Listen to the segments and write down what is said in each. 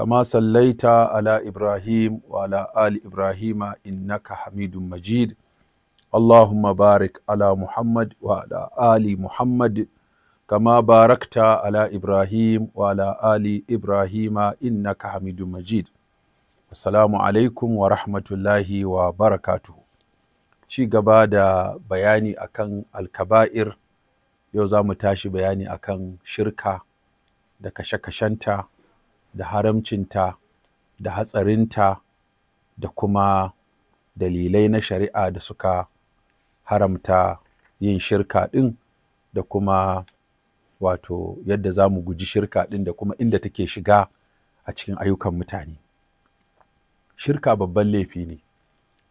كما صليت على إبراهيم وعلى آل إبراهيم إنك حميد مجيد اللهم بارك على محمد وعلى آل محمد كما باركت على إبراهيم وعلى آل إبراهيم إنك حميد مجيد Assalamu alaikum wa rahmatullahi wa barakatu. Ci gaba da bayani akan alkaba'ir, yau za mu tashi bayani akan shirka da kashe-kashenta da haramcinta da hatsarinta da kuma dalilai na shari'a da suka haramta yin shirka ɗin da kuma wato yadda za mu guji shirka ɗin da kuma inda take shiga a cikin ayyukan mutane. Shirka babban laifi ne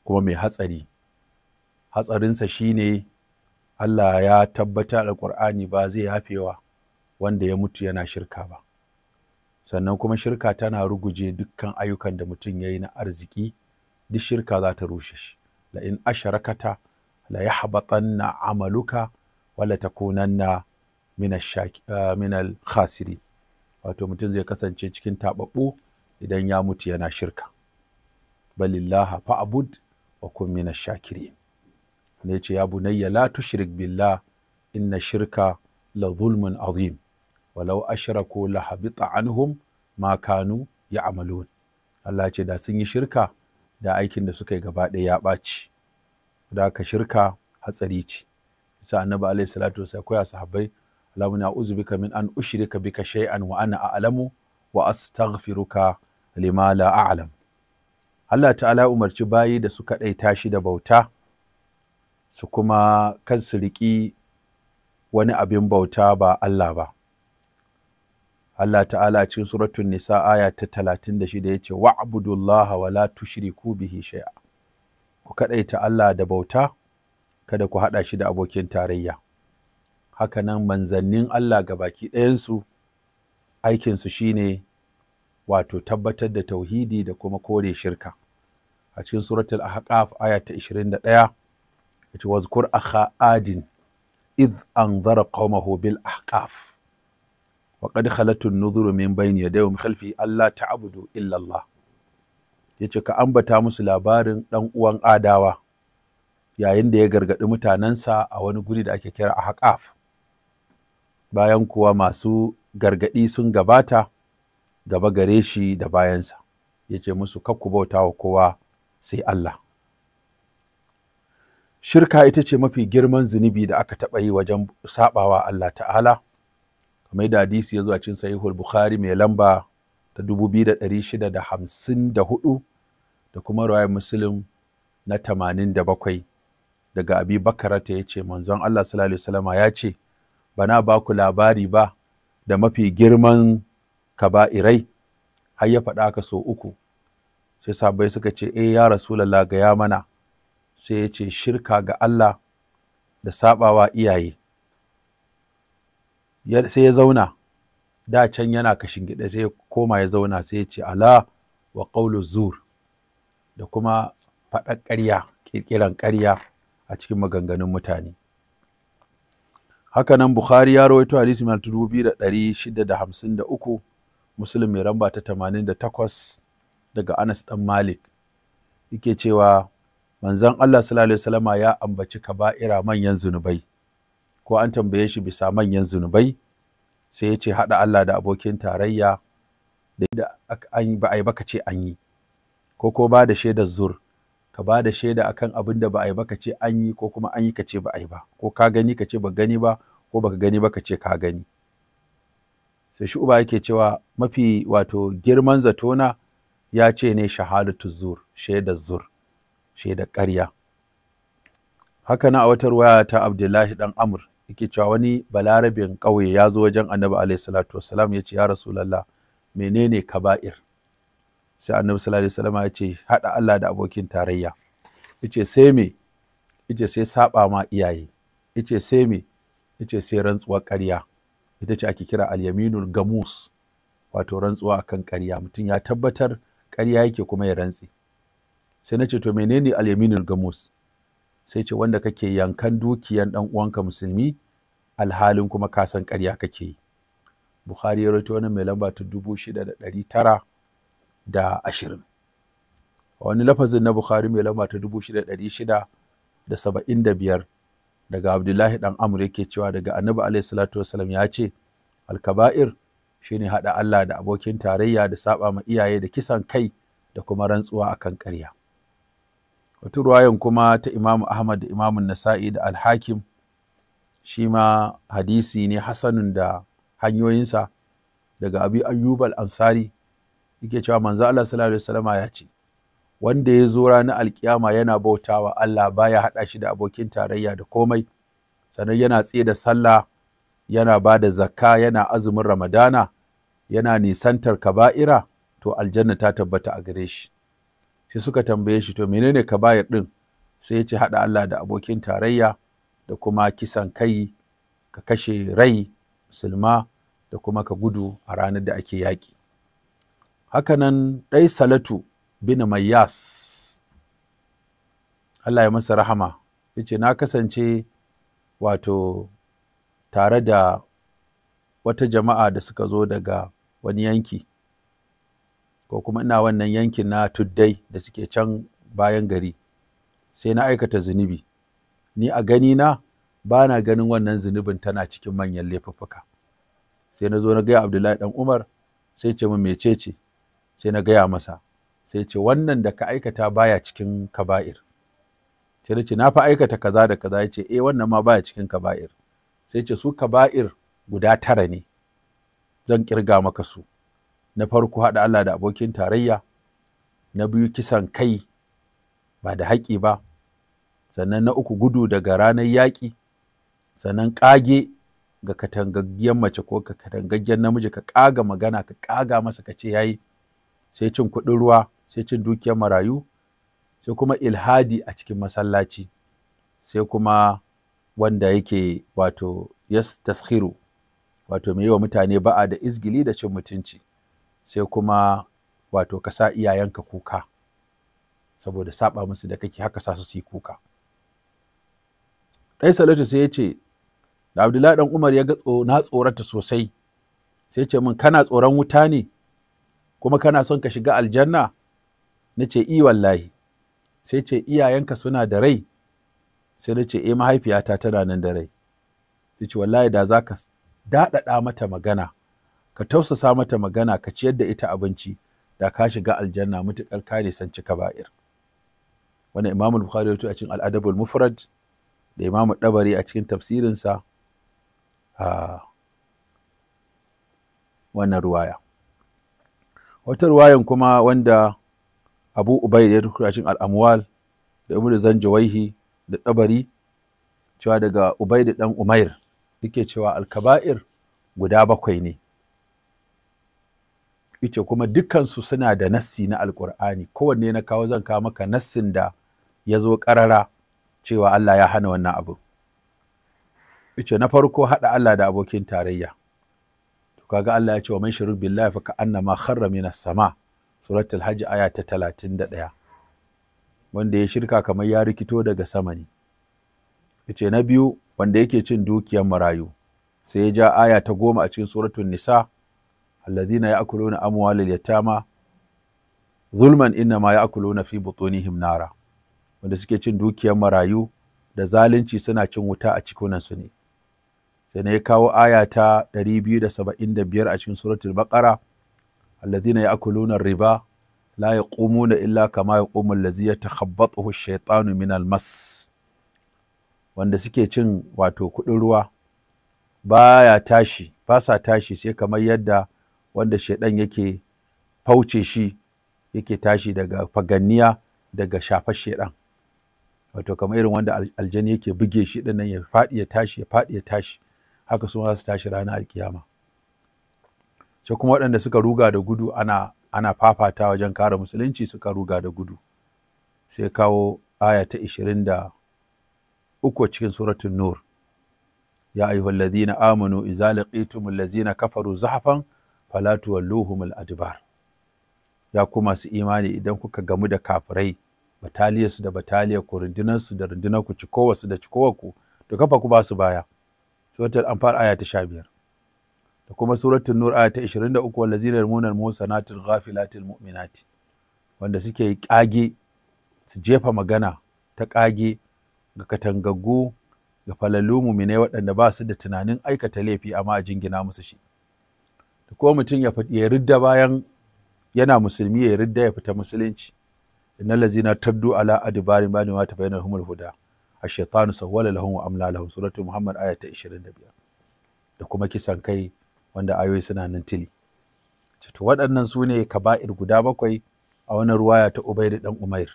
kuma mai hatsari. Hatsarinsa shi ne Allah ya tabbata da Ƙur'ani ba zai hafewa wanda ya mutu yana shirka ba. sannan kuma shirka tana ruguje dukkan ayyukan da mutum ya yi na arziki duk shirka za ta rushe shi la in asharakata la na amaluka wala ta takunanna eh, minal khasiri wato mutum zai kasance cikin taɓaɓɓu idan ya mutu yana shirka balillaha abud wa kun mina shakirin ne ce ya bunayya la tushrik billah inna shirka la zulmun azim walau ashraku ko habita anhum ma kanu amalu Allah ce da sun yi shirka da aikin da suka yi gaba ɗaya ya ɓaci da ka shirka hatsari ce bisa annabi alaihi salatu wasallam koya sahabbai Allahumma a'udhu bika min an ushrika bika shay'an wa ana a'lamu wa astaghfiruka limala la a'lam Allah ta'ala umarci bayi da suka ɗaita tashi da bauta su kuma kan su riƙi wani abin bauta ba Allah ba Allah ta'ala cikin suratul nisa aya ta 36 yace wa'budullaha wa la tushriku bihi shay'a ku kadaita Allah da bauta kada ku hada shi da abokin tarayya haka nan manzannin Allah ga baki ɗayansu aikinsu shine wato tabbatar da tauhidi da kuma kore shirka a cikin suratul ahqaf aya ta 21 yace wazkur akha adin idh anzara qaumahu bil ahqaf wa qad khalatun nuzuru min bayni yadayhi khalfi Allah ta abudu illallah, yace ka ambata musu labarin dan uwan adawa yayin da ya gargaɗi mutanensa a wani guri da ake kira a haƙaf bayan kuwa masu gargadi sun gabata gaba gare shi da bayansa yace musu kakku bauta wa kowa sai Allah shirka ita ce mafi girman zunubi da aka taɓa yi wajen saɓawa Allah ta'ala kamar da hadisi ya zuwa cin sahihul bukhari mai lamba ta 2654 da kuma ruwayar muslim na 87 daga abi bakarata ya ce manzon allah sallallahu alaihi wasallama ya ce bana ba ku labari ba da mafi girman kaba'irai har ya faɗa ka sau uku sai sabai suka ce eh ya rasulallah ga ya mana sai ya ce shirka ga allah da sabawa iyaye sai ya zauna da can yana kashin gida sai ya koma ya zauna sai ya ce ala wa qawlu zur da kuma faɗar ƙarya ƙirƙiran ƙarya a cikin maganganun mutane haka nan bukhari ya rawaito hadisi mai dubu biyu da ɗari shida da hamsin da uku Musulun mai ramba ta tamanin da takwas daga anas ɗan malik yake cewa manzon allah sallallahu alaihi wasallama ya ambaci kaba'ira manyan zunubai ko an tambaye shi bisa manyan zunubai sai ya ce haɗa Allah da abokin tarayya da an ba a yi baka ce an yi ko ko ba da shaidar zur ka ba da shaida akan abin da ba a yi baka ce an yi ko kuma an yi ka ce ba a yi ba ko ka gani ka ce ba gani ba ko baka gani ba ka ce ka gani sai shi uba yake cewa mafi wato girman zatona ya ce ne shahadatu zur shaida zur shaida ƙarya haka na a wata ruwaya ta Abdullahi dan Amr yake cewa wani balarabin ƙauye ya zo wajen annabi alaihi salatu wassalam ya ce ya rasulallah menene kaba'ir sai annabi sallallahu alaihi wasallam ya ce haɗa Allah da abokin tarayya yace sai me yace sai saba ma iyaye yace sai me yace sai rantsuwar ƙarya ita ce ake kira al-yaminul gamus wato rantsuwa akan ƙarya mutum ya tabbatar ƙarya yake kuma ya rantse sai na ce to menene al-yaminul gamus sai ce wanda kake yankan dukiyan ɗan uwanka musulmi alhalin kuma kasan san ƙarya kake yi bukhari ya rawaito wani mai lamba ta dubu shida da ɗari tara da ashirin a wani lafazin na bukhari mai lamba ta dubu shida ɗari shida da saba'in da biyar daga abdullahi ɗan amur yake cewa daga annabi alayhi salatu wasalam ya ce alkaba'ir shine haɗa allah da abokin tarayya da saɓa ma iyaye da kisan kai da kuma rantsuwa akan ƙarya wata ruwayan kuma ta imamu ahmad da imamun nasa'i da alhakim shi ma hadisi ne hasanun da hanyoyinsa daga abi ayyubal ansari yake cewa manzo Allah sallallahu alaihi wasallama ya ce wanda ya zo ranar alkiyama yana bautawa Allah baya haɗa shi da abokin tarayya da komai sannan yana tsaye da sallah yana ba da zakka yana azumin ramadana yana nisantar kaba'ira to aljanna ta tabbata a gare shi sai suka tambaye shi to menene kabayar din sai ya ce haɗa Allah da abokin tarayya da kuma kisan kai ka kashe rai musulma da kuma ka gudu a ranar da ake yaƙi hakanan ɗai salatu bin mayyas Allah ya masa rahama ya ce na kasance wato tare da wata jama'a da suka zo daga wani yanki ko kuma ina wannan yankin na tuddai da suke can bayan gari sai na aikata zunubi ni a gani na ba na ganin wannan zunubin tana cikin manyan laifuffuka sai na zo na gaya abdullahi dan umar sai ce min mecece sai na gaya masa sai ce wannan da ka aikata baya cikin kaba'ir sai na ce na fa aikata kaza da kaza ya ce eh wannan ma baya cikin kaba'ir sai ce su kaba'ir guda tara ne zan kirga maka su na farko haɗa Allah da abokin tarayya na biyu kisan kai ba da haƙi ba sannan na uku gudu daga ranar yaƙi sannan ƙage ga katangaggen mace ko ka katangaggiyar namiji ka ƙaga magana ka ƙaga masa ka ce yayi sai cin kuɗin ruwa sai cin dukiyar marayu sai kuma ilhadi a cikin masallaci sai kuma wanda yake wato yas tashiru wato mai yi wa mutane ba'a da izgili da cin mutunci sai kuma wato ka sa iyayenka kuka saboda saba musu da kake haka sa su yi kuka ɗai salatu sai ya ce da abdullahi dan umar ya ga na tsorata sosai sai ce min kana tsoron wuta ne kuma kana son ka shiga aljanna na ce i wallahi sai ce iyayenka suna da rai sai na ce eh mahaifiyata tana nan da rai sai ce wallahi da za ka daɗaɗa mata magana ka tausasa mata magana ka ciyar da ita abinci da ka shiga aljanna mutuƙar ka cika kaba'ir Wani Imam Bukhari a cikin al'adabul Mufrad da Imam Dabari a cikin tafsirinsa a wannan ruwaya wata ruwayan kuma wanda Abu Ubaid ya rubuta cikin alamwal da ibnu Zanjawaihi da Dabari cewa daga Ubaid dan Umair yake cewa al-kaba'ir guda bakwai ne ita kuma dukkansu suna da nassi na alkur'ani kowanne na kawo zan kawo maka nassin da ya zo karara cewa Allah ya hana wannan abu ita na farko haɗa Allah da abokin tarayya to kaga Allah ya ce wa man shirik billahi fa ma kharra minas sama suratul hajj aya ta 31 wanda ya shirka kamar ya rikito daga sama ne ita na biyu wanda yake cin dukiyar marayu sai ya ja aya ta goma a cikin suratul nisa alladhina ya'kuluna amwalal yatama zulman inna ma ya'kuluna fi butunihim nara wanda suke cin dukiyar marayu da zalunci suna cin wuta a cikunan ne sai ne ya kawo aya ta 275 a cikin suratul baqara alladhina ya'kuluna riba la yaqumuna illa kama yaqumu allazi yatakhabbathu ash-shaytanu min al-mas wanda suke cin wato kudin ruwa baya tashi ba sa tashi sai kamar yadda wanda shaidan yake fauce shi yake tashi daga faganniya daga shafar shaidan wato kamar irin wanda aljani yake buge shi dinnan ya faɗi ya tashi ya faɗi ya tashi haka su za su tashi ranar alkiyama sai kuma waɗanda suka ruga da gudu ana ana fafata wajen kare musulunci suka ruga da gudu sai kawo aya ta 23 cikin suratul nur ya ayyuhallazina amanu idza laqitumul ladzina kafaru zahfan falatu walluhumul adbar ya ku masu imani idan kuka gamu da kafirai bataliyarsu da bataliyar ku rundunarsu da rundunar ku cikowarsu da cikowar ku to kafa ku basu su baya suratul anfar aya ta biyar. da kuma suratul nur aya ta 23 wallazina yarmunal muhsanatil ghafilatil mu'minati wanda suke kage su jefa magana ta kage ga katangaggu ga falalu muminai waɗanda ba su da tunanin aikata laifi amma a jingina musu shi ko mutum ya ya ridda bayan yana musulmi ya ridda ya fita musulunci innal ladzina taddu ala adbari ma ni wata bayanan humul huda ash-shaytanu sawwala lahum wa amla lahum suratun muhammad ta 25 da kuma kisan kai wanda ayoyi suna nan tili to waɗannan sune kaba'ir guda bakwai a wani ruwaya ta ubaid dan umair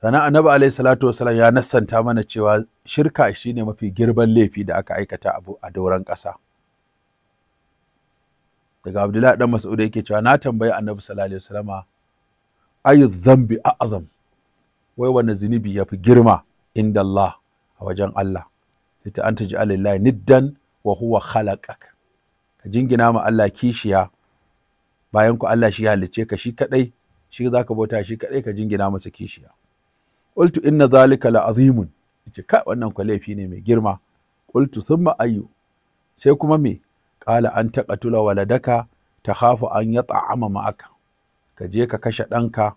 sannan annabi alayhi salatu wasalam ya nassanta mana cewa shirka shine mafi girban laifi da aka aikata a doron ƙasa daga abdullahi dan mas'ud yake cewa na tambayi annabi sallallahu alaihi wasallama ayu zambi azam. wai wanne zunubi yafi girma inda Allah a wajen Allah ita an taji alillahi niddan wa huwa khalaqak ka jingina ma Allah kishiya bayan ku Allah shi halicce ka shi kadai shi zaka bauta shi kadai ka jingina masa kishiya qultu inna zalika la azimun yace ka wannan ku ne mai girma qultu thumma ayyu sai kuma me ƙala an taƙatula waladaka ta hafu an ya tsa'ama ma'aka ka je ka kashe ɗanka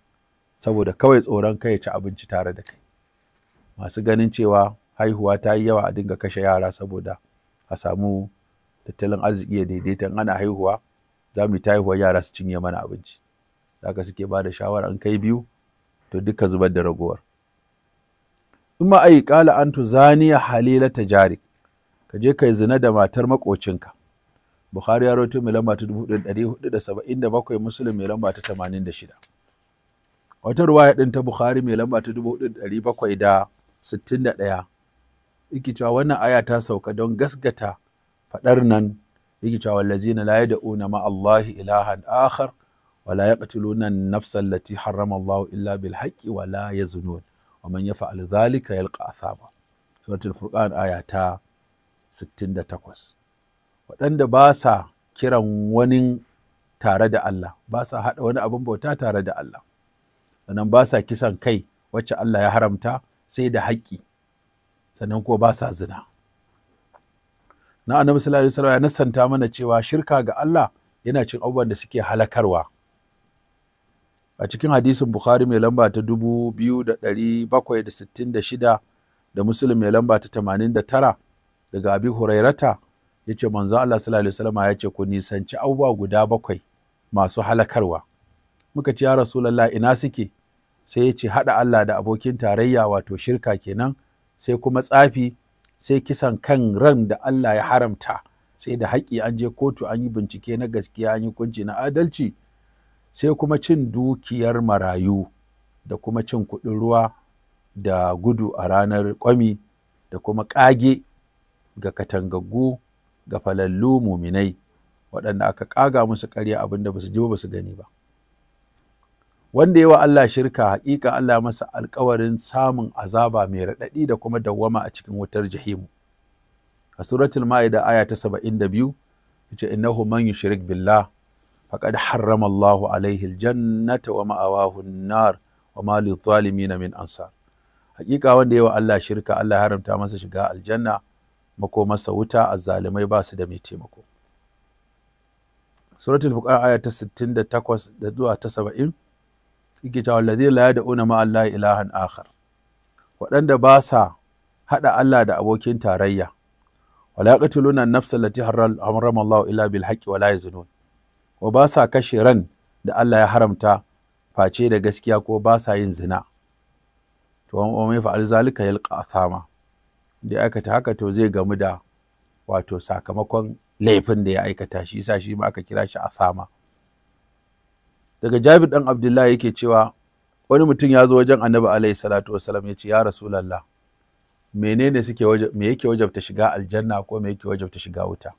saboda kawai tsoron kai ci abinci tare da kai masu ganin cewa haihuwa ta yi yawa a dinga kashe yara saboda a samu tattalin arziki ya daidaita in ana haihuwa za mu ta haihuwar yara su cinye mana abinci haka suke ba da shawara in kai biyu to duka zubar da ragowar in ma ai kala an tu zaniya halila ta jari ka je kai zina da matar makocinka Bukhari ya rawaito mai lamba ta 1477 Muslim mai lamba ta 86 wata ruwaya din ta Bukhari mai lamba ta 4761 yake cewa wannan aya ta sauka don gasgata fadar nan yake cewa wallazina la yad'una ma Allahi ilahan akhar wala yaqtuluna an-nafsa allati harrama Allahu illa bil haqqi wala yazunun wa man yaf'al dhalika yalqa athaba suratul furqan aya ta 68 waɗanda ba sa kiran wani tare da Allah ba sa haɗa wani abin bauta tare da Allah sannan ba sa kisan kai wacce Allah ya haramta sai da haƙƙi sannan ko ba sa zina na annabi sallallahu alaihi wasallam ya nassanta mana cewa shirka ga Allah yana cin abubuwan da suke halakarwa a cikin hadisin bukhari mai lamba ta 2766 da muslim mai lamba ta 89 daga abi hurairata yace manzo Allah sallallahu alaihi wasallam ya ce ku nisanci abubuwa guda bakwai masu halakarwa muka ce ya rasulullah ina suke sai ya ce hada Allah da abokin tarayya wato shirka kenan sai kuma tsafi sai kisan kan ran da Allah ya haramta sai da haƙƙi an je kotu an yi bincike na gaskiya an yi kunci na adalci sai kuma cin dukiyar marayu da kuma cin kuɗin ruwa da gudu a ranar kwami da kuma ƙage ga katangaggu ga falallu muminai waɗanda aka ƙaga musu ƙarya abin da basu ji ba su gani ba wanda yawa Allah shirka haƙiƙa Allah masa alƙawarin samun azaba mai raɗaɗi da kuma dawwama a cikin wutar jahimu a suratul ma'ida aya ta saba'in da biyu ce innahu man yushrik billah faqad harrama Allahu alaihi aljannata wa ma'awahu nar wa ma lidh-dhalimin min ansar haƙiƙa wanda yawa Allah shirka Allah haramta masa shiga aljanna makomarsa wuta azzalumai ba su da mai taimako suratul fuqara aya ta 68 da zuwa ta 70 yake cewa allazi la yad'una ma allahi ilahan akhar waɗanda ba sa haɗa Allah da abokin tarayya wala yaqtuluna an-nafsa allati harrama Allah illa bil haqqi wala yaznun wa ba sa kashe ran da Allah ya haramta face da gaskiya ko ba sa yin zina to wa mai fa'al zalika yalqa athama da ya aikata haka to zai gamu da wato sakamakon laifin da ya aikata shi yasa shi ma aka kira shi a sama. daga jabir dan abdullahi yake cewa wani mutum ya zo wajen annabi alaihi salatu wasalam ya ce ya rasulallah menene suke me yake wajabta shiga aljanna ko me yake wajabta shiga wuta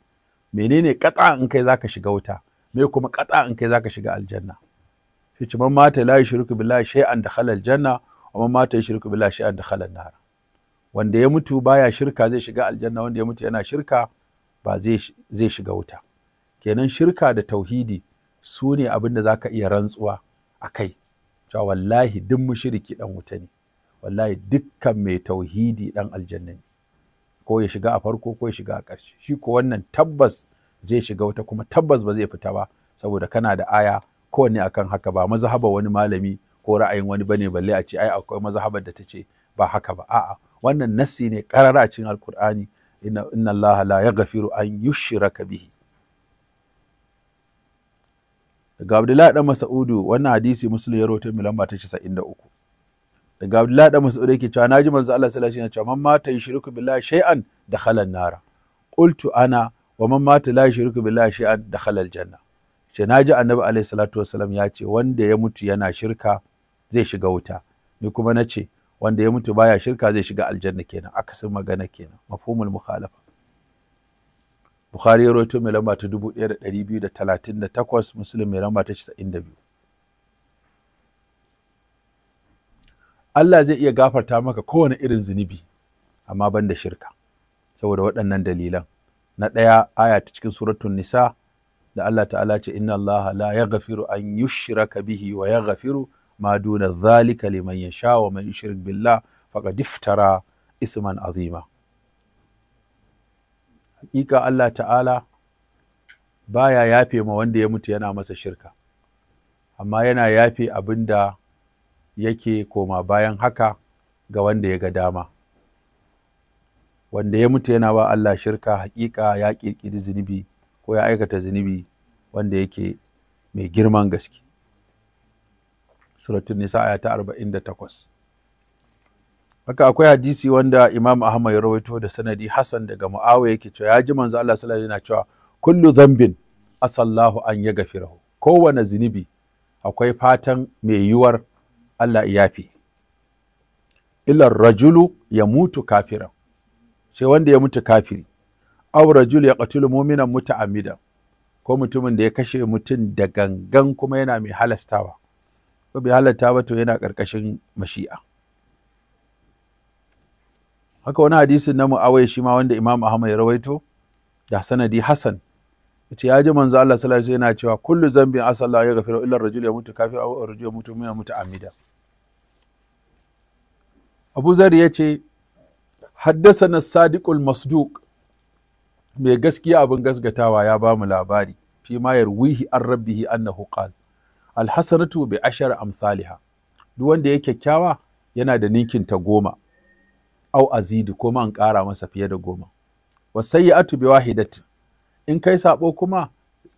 menene katsa in kai zaka shiga wuta me kuma katsa in kai zaka shiga aljanna shi ce man mata la yushriku billahi shay'an dakhala aljanna wa man mata yushriku billahi shay'an dakhala an-nar wanda ya mutu baya shirka zai shiga aljanna wanda ya mutu yana shirka ba zai shiga wuta kenan shirka da tauhidi su ne abin da za ka iya rantsuwa a kai cewa wallahi duk mushiriki dan wuta ne wallahi dukkan mai tauhidi dan aljanna ne ko ya shiga a farko ko ya shiga a ƙarshe shi ko wannan tabbas zai shiga wuta kuma tabbas ba zai fita ba saboda kana da aya kowanne akan haka ba mazhaba wani malami ko ra'ayin wani bane balle a ce ai akwai mazhabar da ta ce ba haka ba a'a wannan nasi ne karara a cikin alkur'ani inna allaha la ya yaghfiru an yushraka bihi daga abdullahi dan mas'udu wannan hadisi muslim ya rawaito mai lamba ta 93 daga abdullahi dan mas'udu yake cewa naji manzo Allah sallallahu alaihi wasallam cewa man mata yushriku billahi shay'an dakhala an-nara qultu ana wa man mata la yushriku billahi shay'an dakhala al-janna ce naji annabi alaihi salatu wasallam ya ce wanda ya mutu yana shirka zai shiga wuta ni kuma na ce wanda ya mutu baya shirka zai shiga aljanna kenan akasin magana kenan mafhumul mukhalafa Bukhari ya rawaito mai lamba ta 1238 Muslim mai lamba ta 92 Allah zai iya gafarta maka kowane irin zunubi amma ban da shirka saboda waɗannan dalilan na ɗaya aya ta cikin suratun nisa da Allah ta'ala ce inna Allah la yaghfiru an yushraka bihi wa yaghfiru Maduna duna zalika liman yasha wa man yushrik billah faqad iftara isman azima hakika Allah ta'ala baya yafe ma wanda ya mutu yana masa shirka amma yana yafe abin da yake koma bayan haka ga wanda ya ga dama wanda ya mutu yana ba Allah shirka hakika ya ƙirƙiri zunubi ko ya aikata zunubi wanda yake mai girman gaske suratun nisa aya ta 48 haka akwai hadisi wanda imam ahmad ya rawaito da sanadi Hassan daga mu'awa yake cewa ya ji manzo Allah sallallahu alaihi cewa kullu zambin asallahu an ya gafirahu kowane zunubi akwai fatan mai yiwuwar Allah ya yafi illa rajulu ya mutu kafiran sai wanda ya mutu kafiri aw rajul ya qatulu mu'minan muta'ammidan ko mutumin da ya kashe mutum da gangan kuma yana mai halastawa ko bai halatta ba to yana ƙarƙashin mashi'a haka wani hadisin na mu'awai shi ma wanda imam ahmad ya rawaito da sanadi hasan yace ya ji manzo Allah sallallahu alaihi yana cewa kullu zambin asalla ya gafiru illa rajul ya mutu kafir aw rajul ya mutu a Amida. Abu ce haddasa na sadiqul masduq mai gaskiya abin gaskatawa ya bamu labari fi ma yarwihi an rabbihi annahu qala alhasanatu bi ashar amsaliha duk wanda ya kyakkyawa yana da ninkin ta goma au azidu ko man ƙara masa fiye da goma wa sayyi'atu bi wahidatin in kai sabo kuma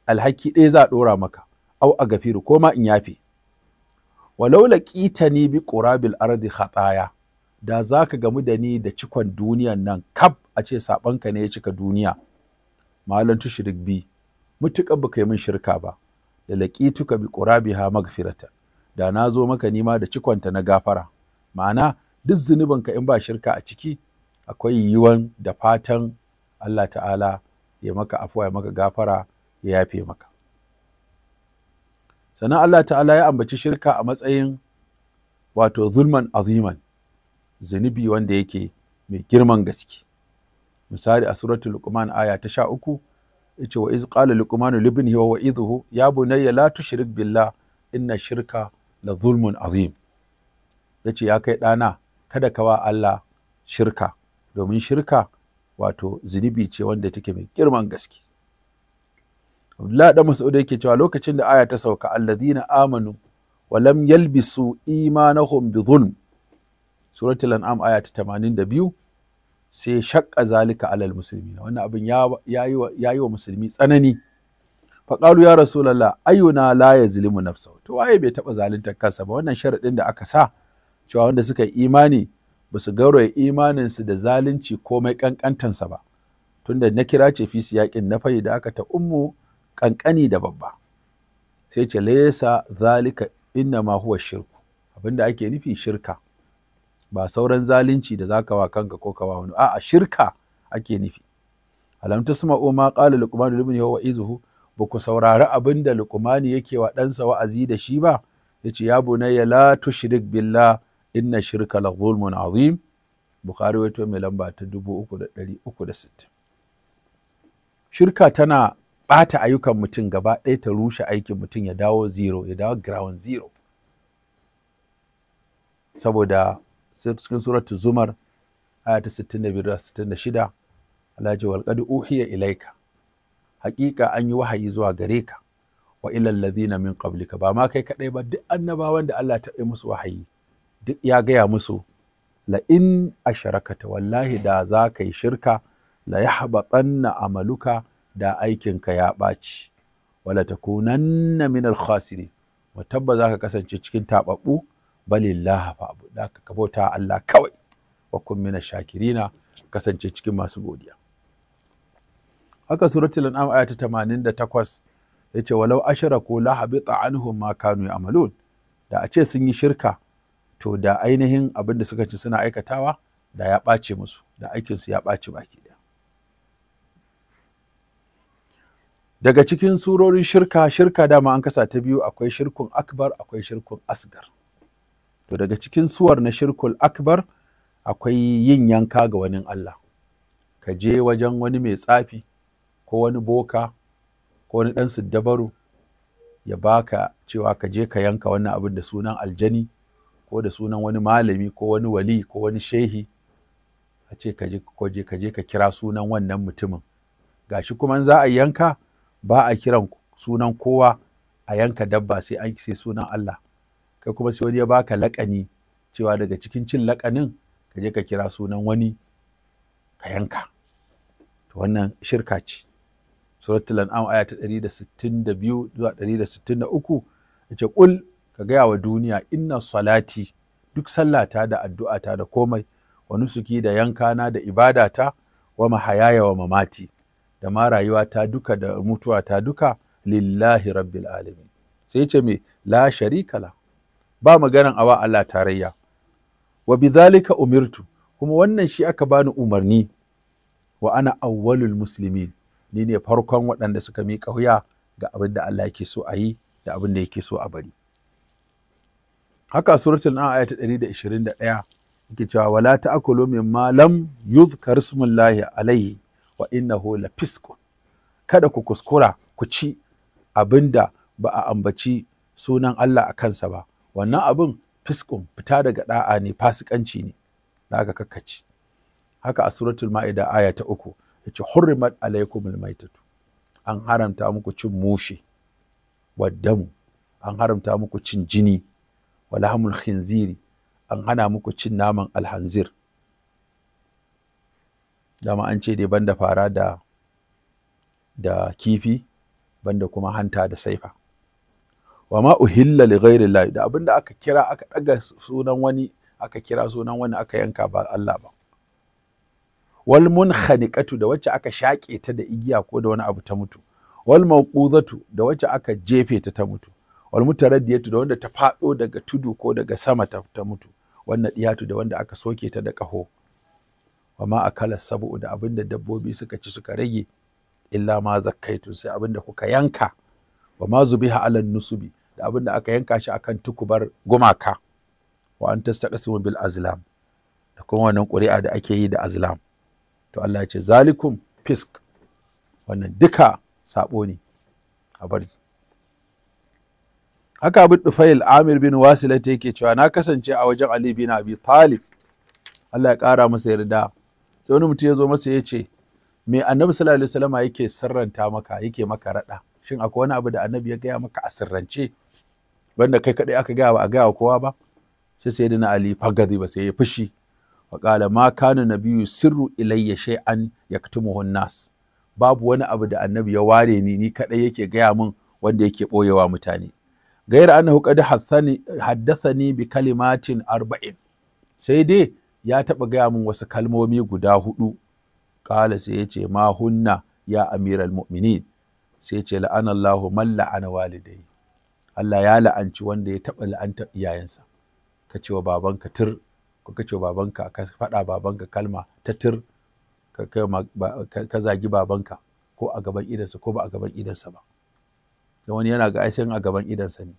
alhaki ɗaya za a ɗora maka au a gafiru ko ma in yafe walau ni bi qurabil ardi khataya da za ka gamu da ni da cikon duniyan nan kab a ce ka ne ya cika duniya malam tushirik bi mutuƙar baka yi min shirka ba da laqituka bi qurabiha magfirata da na zo maka nima da cikonta na gafara ma'ana duk zunubanka in ba shirka a ciki akwai yiwuwan da fatan Allah ta'ala ya maka afuwa ya maka gafara ya yafe maka sannan Allah ta'ala ya ambaci shirka a matsayin wato zulman aziman zunubi wanda yake mai girman gaske misali a suratul luqman aya ta sha uku yace wa iz qala luqmanu libnihi wa wa'idhu ya bunayya la tushrik billah inna shirka la zulmun azim yace ya kai ɗana kada ka wa Allah shirka domin shirka wato zunubi ce wanda take mai girman gaske Abdullah da Mas'ud yake cewa lokacin da aya ta sauka alladhina amanu wa lam yalbisu imanahum bi zulm suratul an'am aya ta 82 sai shakka zalika alal musulmi wannan abin ya yi wa musulmi tsanani faƙalu ya rasulallah ayyuna la ya zilimu nafsa to waye bai taɓa zaluntar kansa ba wannan sharaɗin da aka sa cewa wanda suka yi imani ba su gauraya imaninsu da zalunci komai ƙanƙantansa ba tunda na kira ce fi siyaƙin na fayi aka ta ummu ƙanƙani da babba sai ce laisa zalika inna ma huwa shirku abinda ake nufi shirka ba sauran zalunci da zaka wa kanka ko ka wa wani a'a shirka ake nufi alam tasma'u ma qala luqman ibn wa izuhu ba ku saurari abin da luqmani yake wa ɗansa wa'azi da shi ba yace ya bunayya la tushrik billah inna shirka la zulmun azim bukhari wato mai lamba ta 3360 shirka tana bata ayyukan mutum gaba ɗaya ta rushe aikin mutum ya dawo zero ya dawo ground zero saboda cikin suratu zumar sittin da 65 da 66 Alhaji ce walqad uhiya ilaika haƙiƙa an yi wahayi zuwa gare ka wa ilal na min qablika ba ma kai kaɗai ba duk annabawan da Allah ta yi musu wahayi duk ya gaya musu la in asharakata wallahi da za ka yi shirka la yahbatanna amaluka da aikinka ya ɓaci wala takunanna min al-khasirin wa tabba za ka kasance cikin taɓaɓɓu balillah fa abu da ka bauta Allah kawai wa kun mina shakirina kasance cikin masu godiya haka suratul an'am aya ta 88 yace walau ko la habita anhum ma kanu ya'malun da a ce sun yi shirka to da ainihin abin da suka ci suna aikatawa da ya ɓace musu da aikinsu ya ɓace baki ɗaya daga cikin surorin shirka shirka dama an kasa ta biyu akwai shirkun akbar akwai shirkun asgar to daga cikin suwar na shirkul akbar akwai yin yanka ga wani Allah ka je wajen wani mai tsafi ko wani boka ko wani ɗan siddabaru ya baka cewa ka je ka yanka wani abin da sunan aljani ko da sunan wani malami ko wani wali ko wani shehi a ce ka je ka je ka kira sunan wannan mutumin gashi kuma za a yanka ba a kiran sunan kowa a yanka dabba sai an sai sunan Allah kai kuma sai wani ya baka laƙani cewa daga cikin cin laƙanin ka je ka kira sunan wani ka yanka to wannan shirka ce suratul an'am aya ta 162 zuwa 163 yace kul ka gaya wa duniya inna salati duk sallata da addu'ata da komai wa nusuki da yankana da ibadata wa mahayaya wa mamati da ma rayuwata duka da mutuwata duka lillahi rabbil alamin sai ce me la sharika la ba maganan awa Allah tarayya wa bidhalika umirtu kuma wannan shi aka bani umarni wa ana awwalul muslimin ni ne farkon waɗanda suka miƙa wuya ga abin da Allah yake so a yi da abin da yake so a bari haka suratul an aya ta 121 yake cewa wala ta'kulu mimma lam yuzkar ismullahi alayhi wa innahu la fisq kada ku kuskura ku ci abinda ba a ambaci sunan Allah a kansa ba wannan abin fiskun fita daga da'a ne fasikanci ne da aka kakkaci haka a suratul ma'ida aya ta uku ya ce hurrimat alaikumul maitatu an haramta muku cin mushe waddamu an haramta muku cin jini walhamul khinziri an hana muku cin naman alhanzir dama an ce dai banda fara da da kifi banda kuma hanta da saifa wa ma uhilla li ghairi llahi da abinda aka kira aka daga sunan wani aka kira sunan wani aka yanka ba Allah ba wal munkhaniqatu da wacce aka shake ta da igiya ko da wani abu ta mutu wal mawquzatu da wacce aka jefe ta ta mutu wal mutaraddiyatu da wanda ta faɗo daga tudu ko daga sama ta, ta mutu wannan diyatu da wanda aka soke ta da kaho wa ma akala sabu da abinda dabbobi suka ci suka rage illa ma zakkaitu sai abinda kuka yanka wa ma zubiha ala nusubi da abin da aka yanka shi akan tukubar gumaka wa an tastaqsimu bil azlam da kuma wannan ƙuri'a da ake yi da azlam to Allah ya ce zalikum fisk wannan duka sabo ne a bari haka abin dufail amir bin wasilata yake cewa na kasance a wajen ali bin abi talib Allah ya ƙara masa yarda sai wani mutum ya zo masa ya ce me annabi sallallahu alaihi wasallam yake sirranta maka yake maka rada shin akwai wani abu da annabi ya gaya maka a sirrance banda kai kadai aka gaya ba a gaya kowa ba sai sai na ali fagazi ba sai ya fushi wa qala ma kana nabiyyu sirru ilayya shay'an yaktumuhu nas babu wani abu da annabi ya ware ni ni kadai yake gaya min wanda yake boyewa mutane gair annahu qad haddathani bi kalimatin arba'in sai dai ya taba gaya mun wasu kalmomi guda hudu kala sai ya ce ma hunna ya amiral mu'minin sai ya ce la'anallahu malla'ana walidai Allah ya la'anci wanda ya taɓa la'antar iyayensa ka cewa babanka tir ko ka cewa babanka ka faɗa babanka kalma ta tir ka zagi babanka ko a gaban idansa ko ba a gaban idansa ba da wani yana ga aishin a gaban idansa ne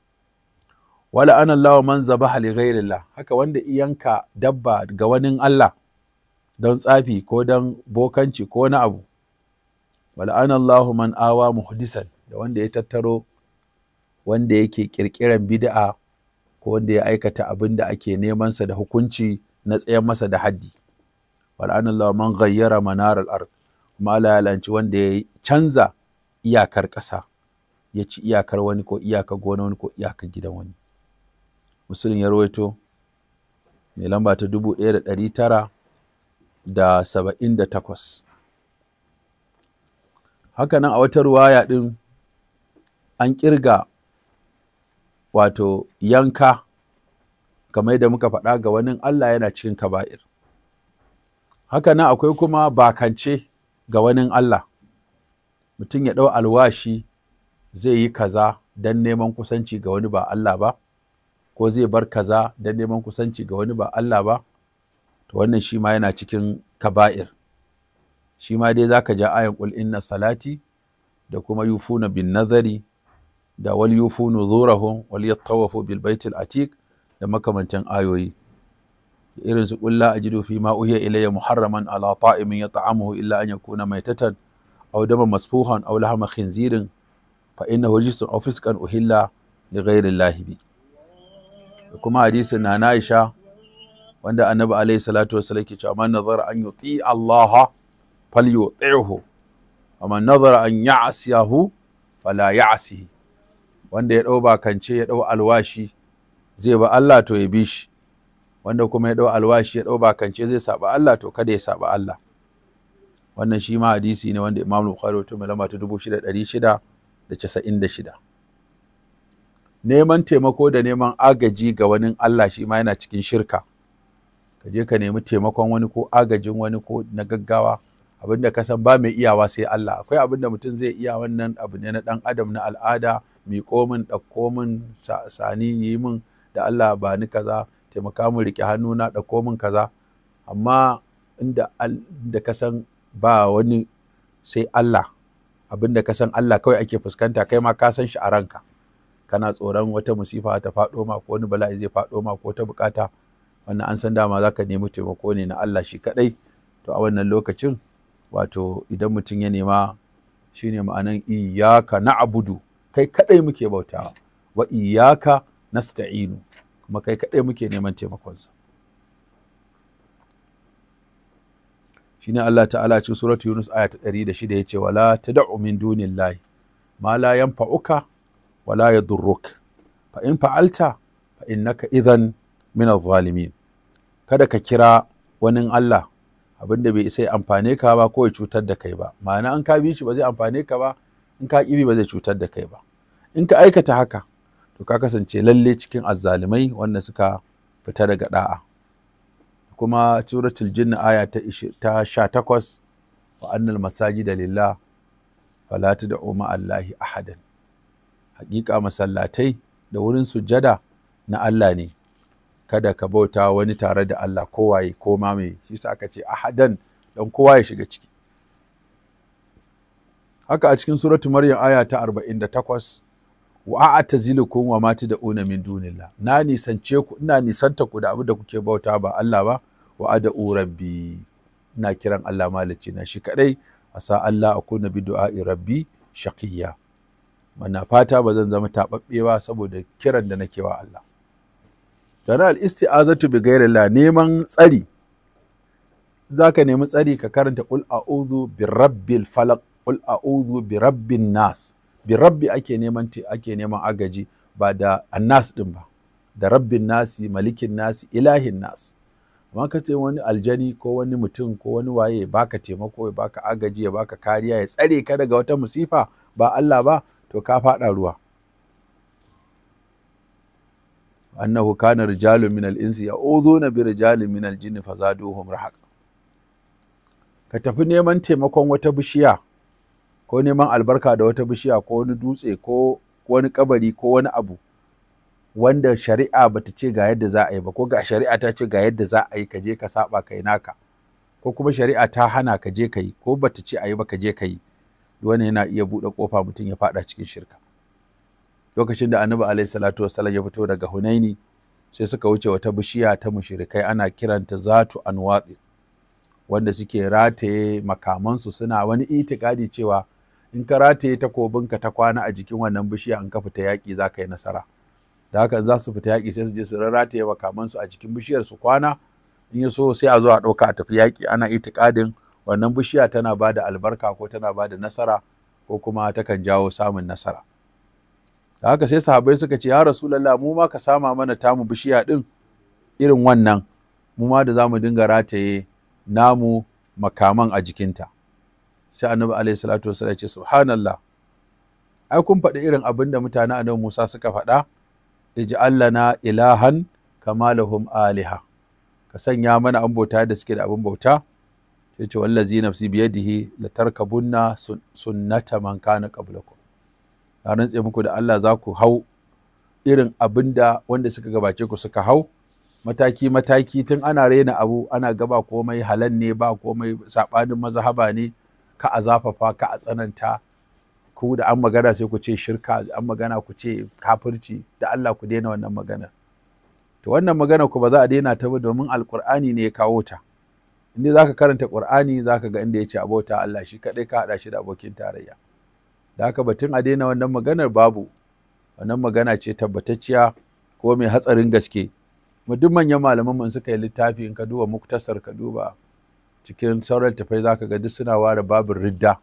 wala ana Allah man zabaha li ghairillah haka wanda iyanka dabba ga wani Allah don tsafi ko don bokanci ko wani abu wala ana Allah man awa muhdisan da wanda ya tattaro wanda yake ƙirƙirar bid'a ko wanda ya aikata abin da ake neman sa da hukunci na tsayan masa da haddi wal'anallahu man ghayyara manar al-ard kuma Allah ya lanci wanda ya canza iyakar ƙasa ya ci iyakar wani ko iyakar gona wani ko iyakar gidan wani musulun ya rawaito mai lamba ta dubu ɗaya da ɗari tara da saba'in da takwas haka nan a wata ruwaya ɗin an ƙirga wato yanka kamar yadda muka faɗa ga wani Allah yana cikin kaba'ir haka nan akwai kuma bakance ga wani Allah mutum ya ɗau alwashi zai yi kaza don neman kusanci ga wani ba Allah ba ko zai bar kaza don neman kusanci ga wani ba Allah ba to wannan shi ma yana cikin kaba'ir shi ma dai za ka ja ayan qul inna salati da kuma yufuna bin nazari da wal yufu nuzurahum wal bil baitil atiq da makamantan ayoyi irin su qul la ajidu fi ma uhiya ilayya muharraman ala ta'imin yat'amuhu illa an yakuna maytatan aw dama masfuhan aw lahma khinzirin fa innahu rijsun aw fiskan uhilla li ghairi llahi kuma hadisin na Aisha wanda annabi alaihi salatu wasallam ke cewa man nazara an yuti Allah falyuti'hu wa man nazara an ya'siyahu fala ya'sihi wanda ya ɗau bakance ya ɗau alwashi zai ba Allah to ya bi shi wanda kuma ya ɗau alwashi ya ɗau bakance zai saba Allah to kada ya saba Allah wannan shi ma hadisi ne wanda Imam Bukhari to mai lamba ta 6696 neman taimako da neman agaji ga wani Allah shi ma yana cikin shirka ka je ka nemi taimakon wani ko agajin wani ko na gaggawa abinda ka san ba mai iyawa sai Allah akwai abinda mutum zai iya wannan abu ne na dan adam na al'ada miƙo min ɗauko min sani yi min da Allah ba ni kaza taimaka rike riƙe na, ɗauko min kaza amma inda da ka san ba wani sai Allah abin da ka san Allah kawai ake fuskanta kai ma ka san shi a ranka kana tsoron wata musifa ta faɗo ma ko wani bala'i zai faɗo ma ko ta bukata wannan an san dama zaka nemi taimako ne na Allah shi kaɗai to a wannan lokacin wato idan mutum ya nema shine ma'anan iyaka na abudu kai kadai muke bautawa wa iyaka nasta'inu kuma kai kadai muke neman taimakonsa shine Allah ta'ala cikin suratu Yunus aya ta ɗari da shida ya ce wala ta tad'u min dunillahi ma la yanfa'uka wala yadurruk fa in fa'alta fa innaka idhan min adh-dhalimin kada ka kira wani Allah abinda bai isa ya amfane ka ba ko ya cutar da kai ba ma'ana an ka bi shi ba zai amfane ka ba in ka ƙibi ba zai cutar da kai ba in ka aikata haka to ka kasance lalle cikin azzalumai wanda suka fita daga da'a kuma suratul jinna aya ta 18 wa annal masajida lillah fala tad'u ma allahi ahadan hakika masallatai da wurin sujada na Allah ne kada ka bauta wani tare da Allah kowaye ko ma mai shi sa aka ce ahadan dan kowa ya shiga ciki haka a cikin suratu maryam aya ta arba'in da 48 wa a'tazilukum wa ma una min dunillah na nisance ku ina nisanta ku da abin da kuke bauta ba Allah ba wa da urabbi ina kiran Allah malaci na shi kadai sa Allah akuna bi du'a'i rabbi shaqiyya mana fata ba zan zama taɓaɓɓe ba saboda kiran da nake wa Allah tare al isti'azatu bi gairala neman tsari zaka nemi tsari ka karanta qul a'udhu bi rabbil falaq Kul a'udhu bi rabbin nas bi rabbi ake neman ake neman agaji ba da annas din ba da rabbin nasi malikin nasi ilahin nasi amma ka ce wani aljani ko wani mutum ko wani waye ya baka taimako ya baka agaji ya baka kariya ya tsare ka daga wata musifa ba Allah ba to ka faɗa ruwa annahu kana rijalun min al-insi ya'udhuna bi rijalin min al-jinni fazaduhum rahaq ka tafi neman taimakon wata bishiya ko neman albarka da wata bishiya ko wani dutse ko wani kabari ko wani abu wanda shari'a bata ce ga yadda za a yi ba ko ga shari'a ta ce ga yadda za a yi ka je ka saba kai naka ko kuma shari'a ta hana ka je ka yi ko bata ce a yi ba ka je ka yi wani yana iya buɗe kofa mutum ya faɗa cikin shirka lokacin da annabi alaihi salatu wassalam ya fito daga hunaini sai suka wuce wata bishiya ta mushirikai ana kiranta zatu anwatsi wanda suke rataye makamansu suna wani itikadi cewa in ka rataye takobinka ta kwana a jikin wannan bishiya in ka fita yaƙi za ka yi nasara da haka za su fita yaƙi sai su je su rataye makamansu a jikin bishiyar su kwana in ya so sai a zo a ɗauka a tafi yaƙi ana itikadin wannan bishiya tana ba da albarka ko tana ba da nasara ko kuma takan jawo samun nasara da haka sai sahabbai suka ce ya rasulallah mu ma ka sama mana tamu bishiya ɗin irin wannan mu ma da za mu dinga rataye namu makaman a jikinta sai annabi alaihi salatu wasallam ya ce subhanallah ai kun faɗi irin abin da mutane annabi Musa suka faɗa Iji Allah na ilahan kama aliha ka sanya mana an bauta da suke da abin bauta sai ce wallazi nafsi biyadihi la tarkabunna sunnata man kana qablakum na rantse muku da Allah za ku hau irin abin da wanda suka gabace ku suka hau mataki mataki tun ana rena abu ana gaba komai halal ne ba komai sabanin mazhaba ne ka a zafafa ka a tsananta ku da an magana sai ku ce shirka an magana ku ce kafirci da Allah ku daina wannan magana to wannan magana ku ba za a daina ta ba domin alkur'ani ne ya kawo ta inda ka karanta qur'ani ka ga inda ya yace abota Allah shi kadai ka hada shi da abokin tarayya da haka batun a daina wannan maganar babu wannan magana ce tabbatacciya ko mai hatsarin gaske mu duk manyan malaman mun suka yi littafi in ka duba muktasar ka duba cikin sauran tafai za ka ga duk suna ware babin ridda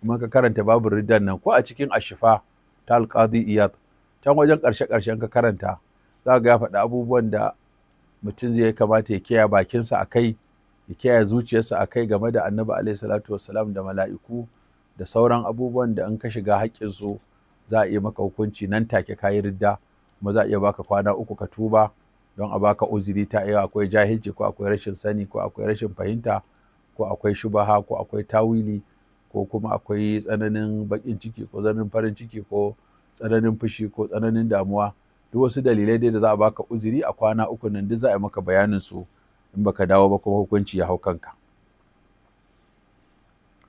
kuma ka karanta babin riddan nan ko a cikin ashifa ta alƙadi iyad can wajen ƙarshe ƙarshen ka karanta za ga ya faɗi abubuwan da mutum zai kamata ya kiyaye bakinsa a kai ya kiyaye zuciyarsa a kai game da annabi alaihi salatu wassalam da mala'iku da sauran abubuwan da in ka shiga haƙƙinsu za a iya maka hukunci nan take ka yi ridda kuma za a iya baka kwana uku ka tuba don a baka uziri ta iya akwai jahilci ko akwai rashin sani ko akwai rashin fahimta ko akwai shubaha ko akwai tawili ko kuma akwai tsananin baƙin ciki ko tsananin farin ciki ko tsananin fushi ko tsananin damuwa duk wasu dalilai dai da za a baka uzuri a kwana uku nan duk za a yi maka bayanin su in baka dawo ba kuma hukunci ya hau kanka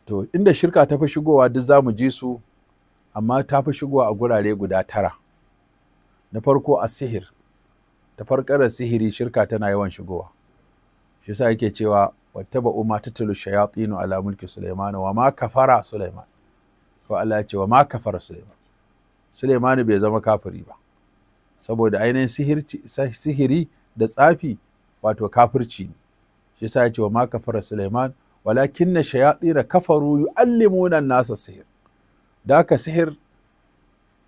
to inda shirka ta fi shigowa duk za mu ji su amma ta fi shigowa a gurare guda tara na farko a sihir ta farkar sihiri shirka tana yawan shigowa shi yake cewa wataba umma tatlu shayatin ala mulki sulaiman wa ma kafara sulaiman to Allah ya ce wa ma kafara sulaiman sulaiman bai zama kafiri ba saboda ainihin sihiri da tsafi wato kafirci ne shi yasa ya ce wa ma kafara sulaiman walakin na shayatsira kafaru yu'allimuna nasa sihir da ka sihir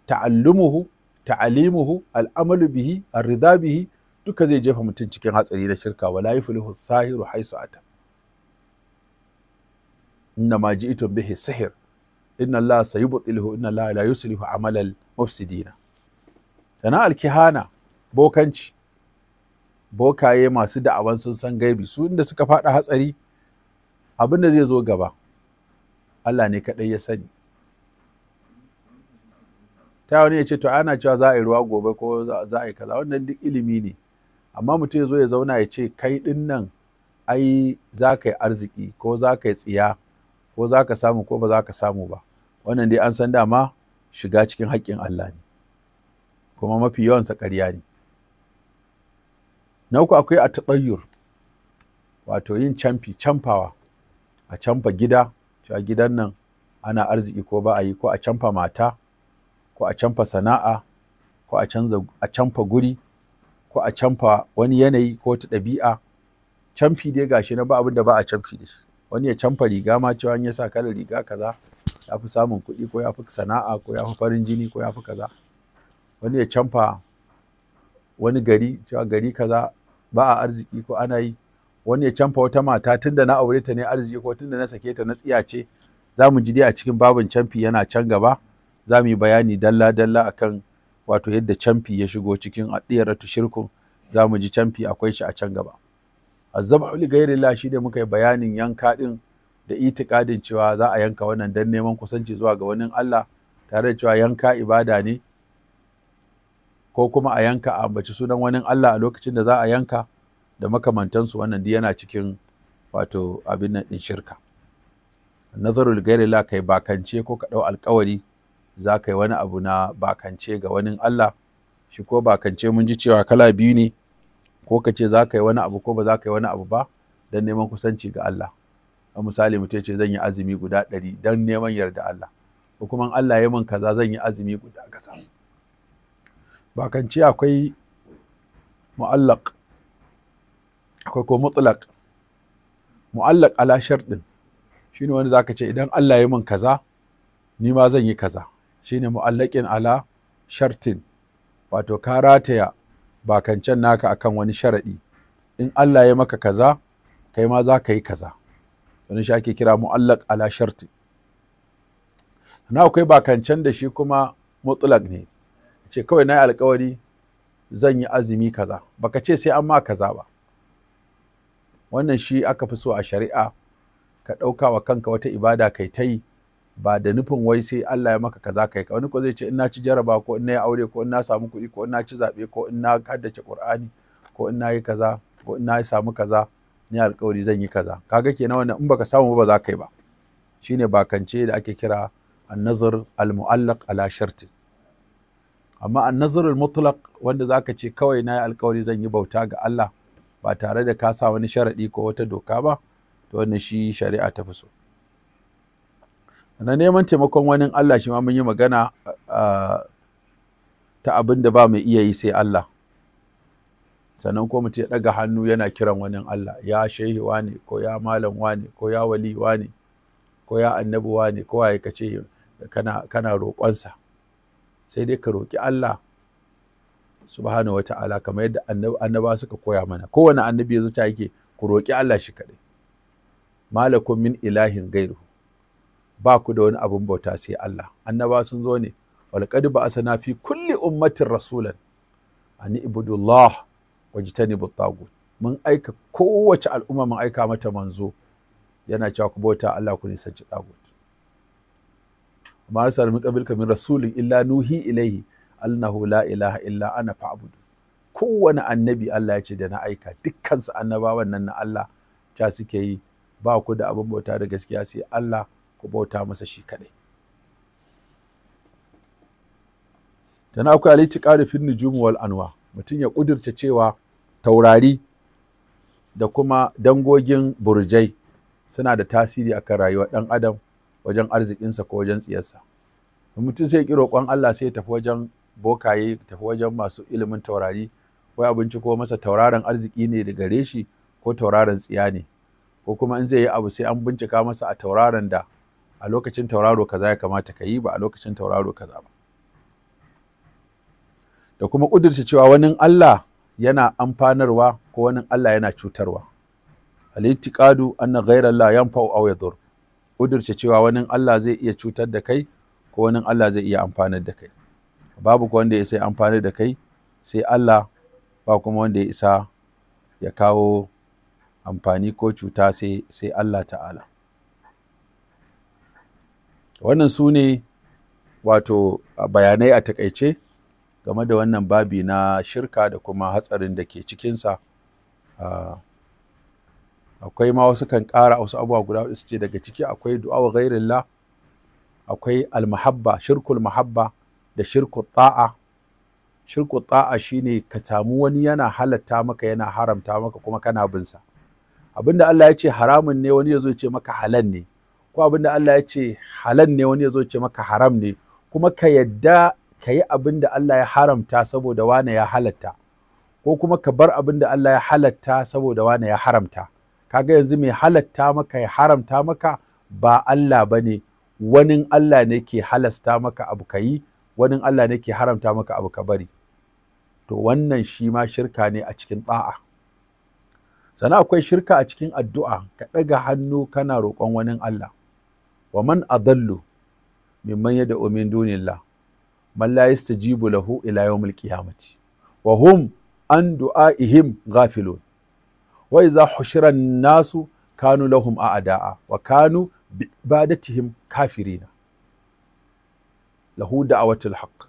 ta'allumuhu ta'alimuhu al'amalu bihi arrida bihi duka zai jefa mutum cikin hatsari na shirka wala yuflihu sahiru haisu ata inna ma bihi sihir inna Allah sayubtiluhu inna Allah la yuslihu amalal mufsidina sana alkihana bokanci bokaye masu da'awan sun san gaibi su inda suka fada hatsari abin da zai zo gaba Allah ne kadai ya sani ta wani ya ce to ana cewa za a yi ruwa gobe ko za a yi kaza wannan duk ilimi ne amma mutum ya zo ya zauna ya ce kai din nan ai za ka yi arziki ko za ka yi tsiya ko za ka samu ko ba za ka samu ba wannan dai an san dama shiga cikin haƙƙin Allah ne kuma mafi yawansa ƙarya ne na uku akwai a taɓayyur wato yin camfi camfawa a camfa gida cewa gidan nan ana arziki ko ba a yi ko a camfa mata ko a camfa sana'a ko a camfa guri ko a camfa wani yanayi ko ta ɗabi'a camfi dai gashi na ba abin ba a camfi da wani ya canfa riga ma cewa ya sa kalar riga kaza ya fi samun kuɗi ko ya fi sana'a ko ya fi farin jini ko ya fi kaza wani ya canfa wani gari cewa gari kaza ba a arziki ko ana yi wani ya canfa wata mata tun da na aure ta ne arziki ko tun da na sake ta na tsiya ce za mu ji dai a cikin babin canfi yana can gaba za mu yi bayani dalla dalla a kan wato yadda canfi ya shigo cikin adiyaratu shirkun za mu ji canfi akwai shi a can gaba azzabhu li ghairillah shi ne muka yi bayanin yanka din da itikadin cewa za a yanka wannan dan neman kusanci zuwa ga wani Allah tare da cewa yanka ibada ne ko kuma a yanka a ambaci sunan wani Allah a lokacin da za a yanka da makamantansu wannan duk yana cikin wato abin nan din shirka nazarul ghairillah kai bakance ko ka dau alƙawari za ka wani abu na bakance ga wani Allah shi ko bakance mun ji cewa kala biyu ne ko ka ce za ka yi wani abu ko ba za ka yi wani abu ba don neman kusanci ga Allah a misali mutum ce zan yi azumi guda ɗari don neman yarda Allah ko kuma Allah ya min kaza zan yi azumi guda kaza ba kan ce akwai mu'allaq akwai ko mutlaq mu'allaq ala Shi shine wani zaka ce idan Allah ya min kaza ni ma zan yi kaza shine mu'allaqin ala shartin wato ka rataya bakancen naka akan wani sharaɗi in Allah ya maka kaza kai ma za ka yi kaza wani shi ake kira mu'allaq ala sharti na akwai kancan da shi kuma mutlaq ne ce kawai na yi alkawari zan yi azumi kaza baka ce sai an ma kaza ba wannan shi aka fi so a shari'a ka ɗauka wa kanka wata ibada kai ta yi ba da nufin wai sai Allah ya maka kaza kai wani ko zai ce in na ci jaraba ko in yi aure ko ina samu kuɗi ko in na ci zaɓe ko in na Ƙur'ani, ko in yi kaza ko in na samu kaza ni alƙawari zan yi kaza kaga kenan wannan in baka samu ba za ka yi ba shine bakance da ake kira annazar almu'allaq ala sharti amma annazar almutlaq wanda zaka ce kawai na yi alƙawari zan yi bauta ga Allah ba tare da ka sa wani sharaɗi ko wata doka ba to wannan shi shari'a ta fi so na neman taimakon wani Allah shi ma mun yi magana ta abin da ba mai iya yi sai Allah sannan ko mutum ya ɗaga hannu yana kiran wani Allah ya shehi wane ko ya malam wane ko ya wali wane ko ya annabi wane ko waye kace kana kana roƙonsa sai dai ka roƙi Allah subhanahu wata'ala kamar yadda annaba suka koya mana kowane annabi ya zuta yake ku roƙi Allah shi kaɗai malakum min ilahin gairu. ba ku da wani abin bauta sai Allah annaba sun zo ne walqad ba'asna fi kulli ummatin rasulan an ibudullah wajtanibu tagut mun aika kowace al'umma mun aika mata manzo yana cewa ku bauta Allah ku nisanci tagut amma rasar min qabilka min rasulin illa nuhi ilaihi annahu la ilaha illa ana fa'budu kowane annabi Allah ya ce da na aika dukkansu annabawan nan na Allah ta suke yi ba ku da abin bauta da gaskiya sai Allah ku bauta masa shi kaɗai tana akwai alitiƙari fin nujumu wal anwa mutum ya ƙudurta cewa taurari da kuma dangogin burjai suna da tasiri akan rayuwar ɗan adam wajen arzikinsa ko wajen tsiyarsa mutum sai ya ƙiro roƙon Allah sai ya tafi wajen bokaye tafi wajen masu ilimin taurari wai abinci ko masa tauraron arziki ne da gare shi ko tauraron tsiya ne ko kuma in zai yi abu sai an bincika masa a tauraron da a lokacin tauraro kaza ya kamata ka yi ba a lokacin tauraro kaza ba da kuma ƙudurta cewa wani Allah yana amfanarwa ko wani Allah yana cutarwa al-i'tiqadu anna ghayra Allah yanfa'u aw yadur cewa wani Allah zai iya cutar da kai ko wani Allah zai iya amfanar da kai babu ko wanda ya sai amfanar da kai sai Allah ba kuma wanda ya isa ya kawo amfani ko cuta sai Allah ta'ala wannan su ne wato bayanai a takaice game da wannan babi na shirka da kuma hatsarin da ke cikinsa ah, akwai ma wasu kan ƙara wasu abubuwa guda hudu su ce daga ciki akwai du'a la akwai almahabba shirkul mahabba da shirkul ta'a shirkul ta'a shine ka samu wani yana halatta maka yana haramta maka kuma kana binsa abinda Allah ya ce haramun ne wani ya zo ya ce maka halal ne ko abin da Allah ya ce halal ne wani ya zo ce maka haram ne kuma ka yadda ka yi abin da Allah ya haramta saboda wane ya halatta ko kuma ka bar abin da Allah ya halatta saboda wane ya haramta kaga yanzu mai halatta maka ya haramta maka ba Allah ba ne wani Allah ne ke halasta maka abu ka yi wani Allah ne ke haramta maka abu ka bari to wannan shi ma shirka ne a cikin ɗa'a sannan akwai shirka a cikin addu'a ka ɗaga hannu kana roƙon wani Allah wa man adallu mimman yada umin dunillah man la yastajibu lahu ila yawmil qiyamati wa hum an du'aihim ghafilun wa idza hushira nasu kanu lahum a'da'a wa kanu bi ibadatihim kafirina lahu da'awatul haqq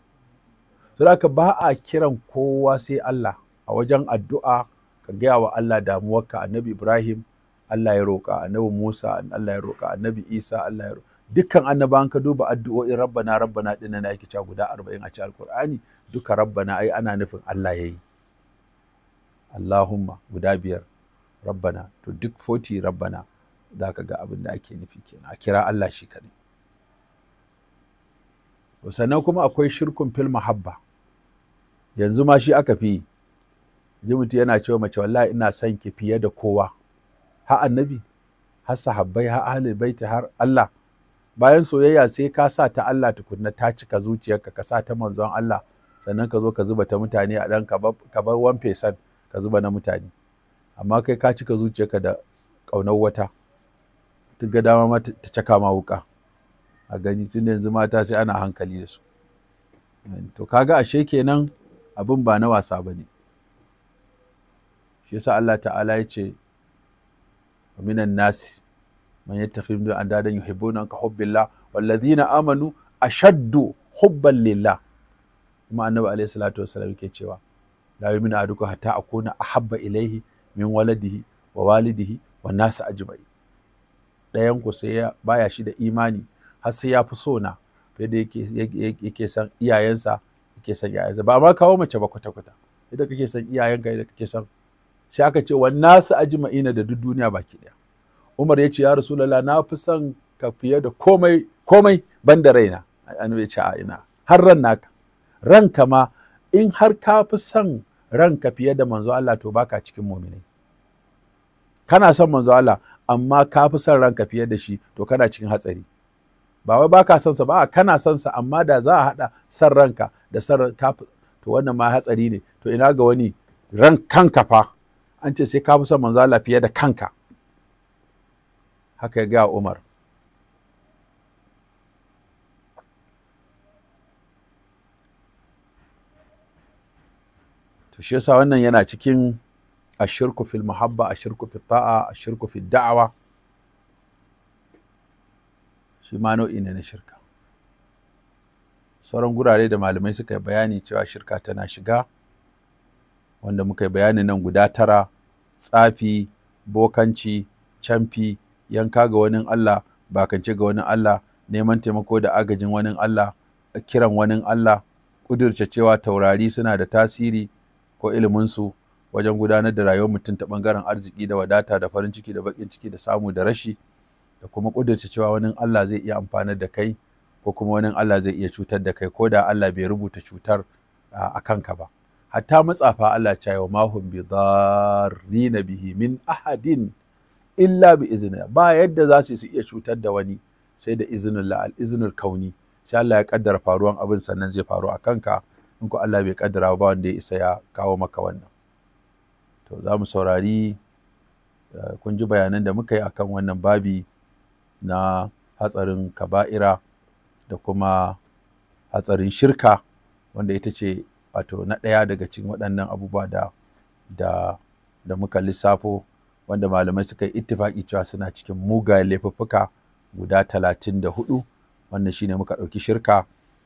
saboda ba a kiran kowa sai Allah a wajen addu'a ka gaya wa Allah damuwarka annabi Ibrahim Allah ya roƙa annabi Musa Allah ya roƙa annabi Isa Allah ya roƙa dukkan annabawan ka duba addu'o'in rabbana rabbana din nan yake cewa guda 40 a cikin alkur'ani duka rabbana ai ana nufin Allah yayi Allahumma guda biyar rabbana to duk 40 rabbana zaka ga abin da ake nufi kenan a kira Allah shi kadai sannan kuma akwai shirkun fil mahabba yanzu ma shi aka fi yi. mutum yana cewa mace wallahi ina son ki fiye da kowa Ha annabi har sahabbai har ahli baiti har Allah bayan soyayya sai ka sa ta Allah tukunna ta cika zuciyarka ka sa ta manzon Allah sannan ka zo ka zuba ta mutane a dan ka bar one ka zuba na mutane amma kai ka cika zuciyarka da kaunar wata tun ga dama ta caka ma wuka a gani tun yanzu mata sai ana hankali da su to kaga ashe kenan abin ba na wasa bane shi yasa Allah ta'ala ya ce ومن الناس من يتخذ من أندادا يحبون كحب الله والذين آمنوا أشد حبا لله kuma annabi alaihi salatu wasallam yake cewa la yumina aduka hatta akuna ahabba ilaihi min waladihi wa walidihi wa nasu ajma'i dayan ku sai baya shi da imani har sai ya fi so na da yake yake san iyayensa yake san iyayensa ba ma kawo mace ba kwata kwata yadda kake san iyayenka yadda kake san sai aka ce wa nasu ajma'ina da duk duniya baki ɗaya? Umar ya ce ya Rasulullah na fi son ka fiye da komai komai banda raina annabi ya ce a ina har ran naka ranka ma in har ka fi son ranka fiye da manzo Allah to baka cikin mu'mini kana son manzo Allah amma ka fi son ranka fiye da shi to kana cikin hatsari ba wai baka son sa ba kana son sa amma da za a hada son ranka da son to wannan ma hatsari ne to ina ga wani ran kanka fa an ce sai ka fi son manzo Allah fiye da kanka haka ya ga Umar to shi yasa wannan yana cikin ashirku fil muhabba ashirku fil ta'a ashirku fil da'awa shi ma nau'i ne na shirka sauran gurare da malamai suka yi bayani cewa shirka tana shiga wanda muka yi bayanin nan guda tara tsafi bokanci camfi yanka ga wani Allah bakance ga wani Allah neman taimako da agajin wani Allah kiran wani Allah ƙudurce cewa taurari suna da tasiri ko iliminsu wajen gudanar da rayuwar mutum ta ɓangaren arziki da wadata da farin ciki da baƙin ciki da samu da rashi da kuma ƙudurce cewa wani Allah zai iya amfanar da kai ko kuma wani Allah zai iya cutar da kai ko da Allah bai rubuta cutar a kanka ba. hatta matsafa Allah ya yi wa mahun bi darrina bihi min ahadin illa bi izinin ba yadda za su iya cutar da wani sai da izinin la'al izinin kauni sai Allah ya kaddara faruwan abin sannan zai faru akan ka in ko Allah bai kaddara ba wanda ya isa ya kawo maka wannan to za mu saurari eh, kun ji bayanan da muka yi akan wannan babi na hatsarin kaba'ira da kuma hatsarin shirka wanda ita ce wato na ɗaya daga cikin waɗannan abubuwa da da da muka lissafo wanda malamai suka yi ittifaki cewa suna cikin mugayen laifuffuka guda talatin da hudu wannan shine muka ɗauki shirka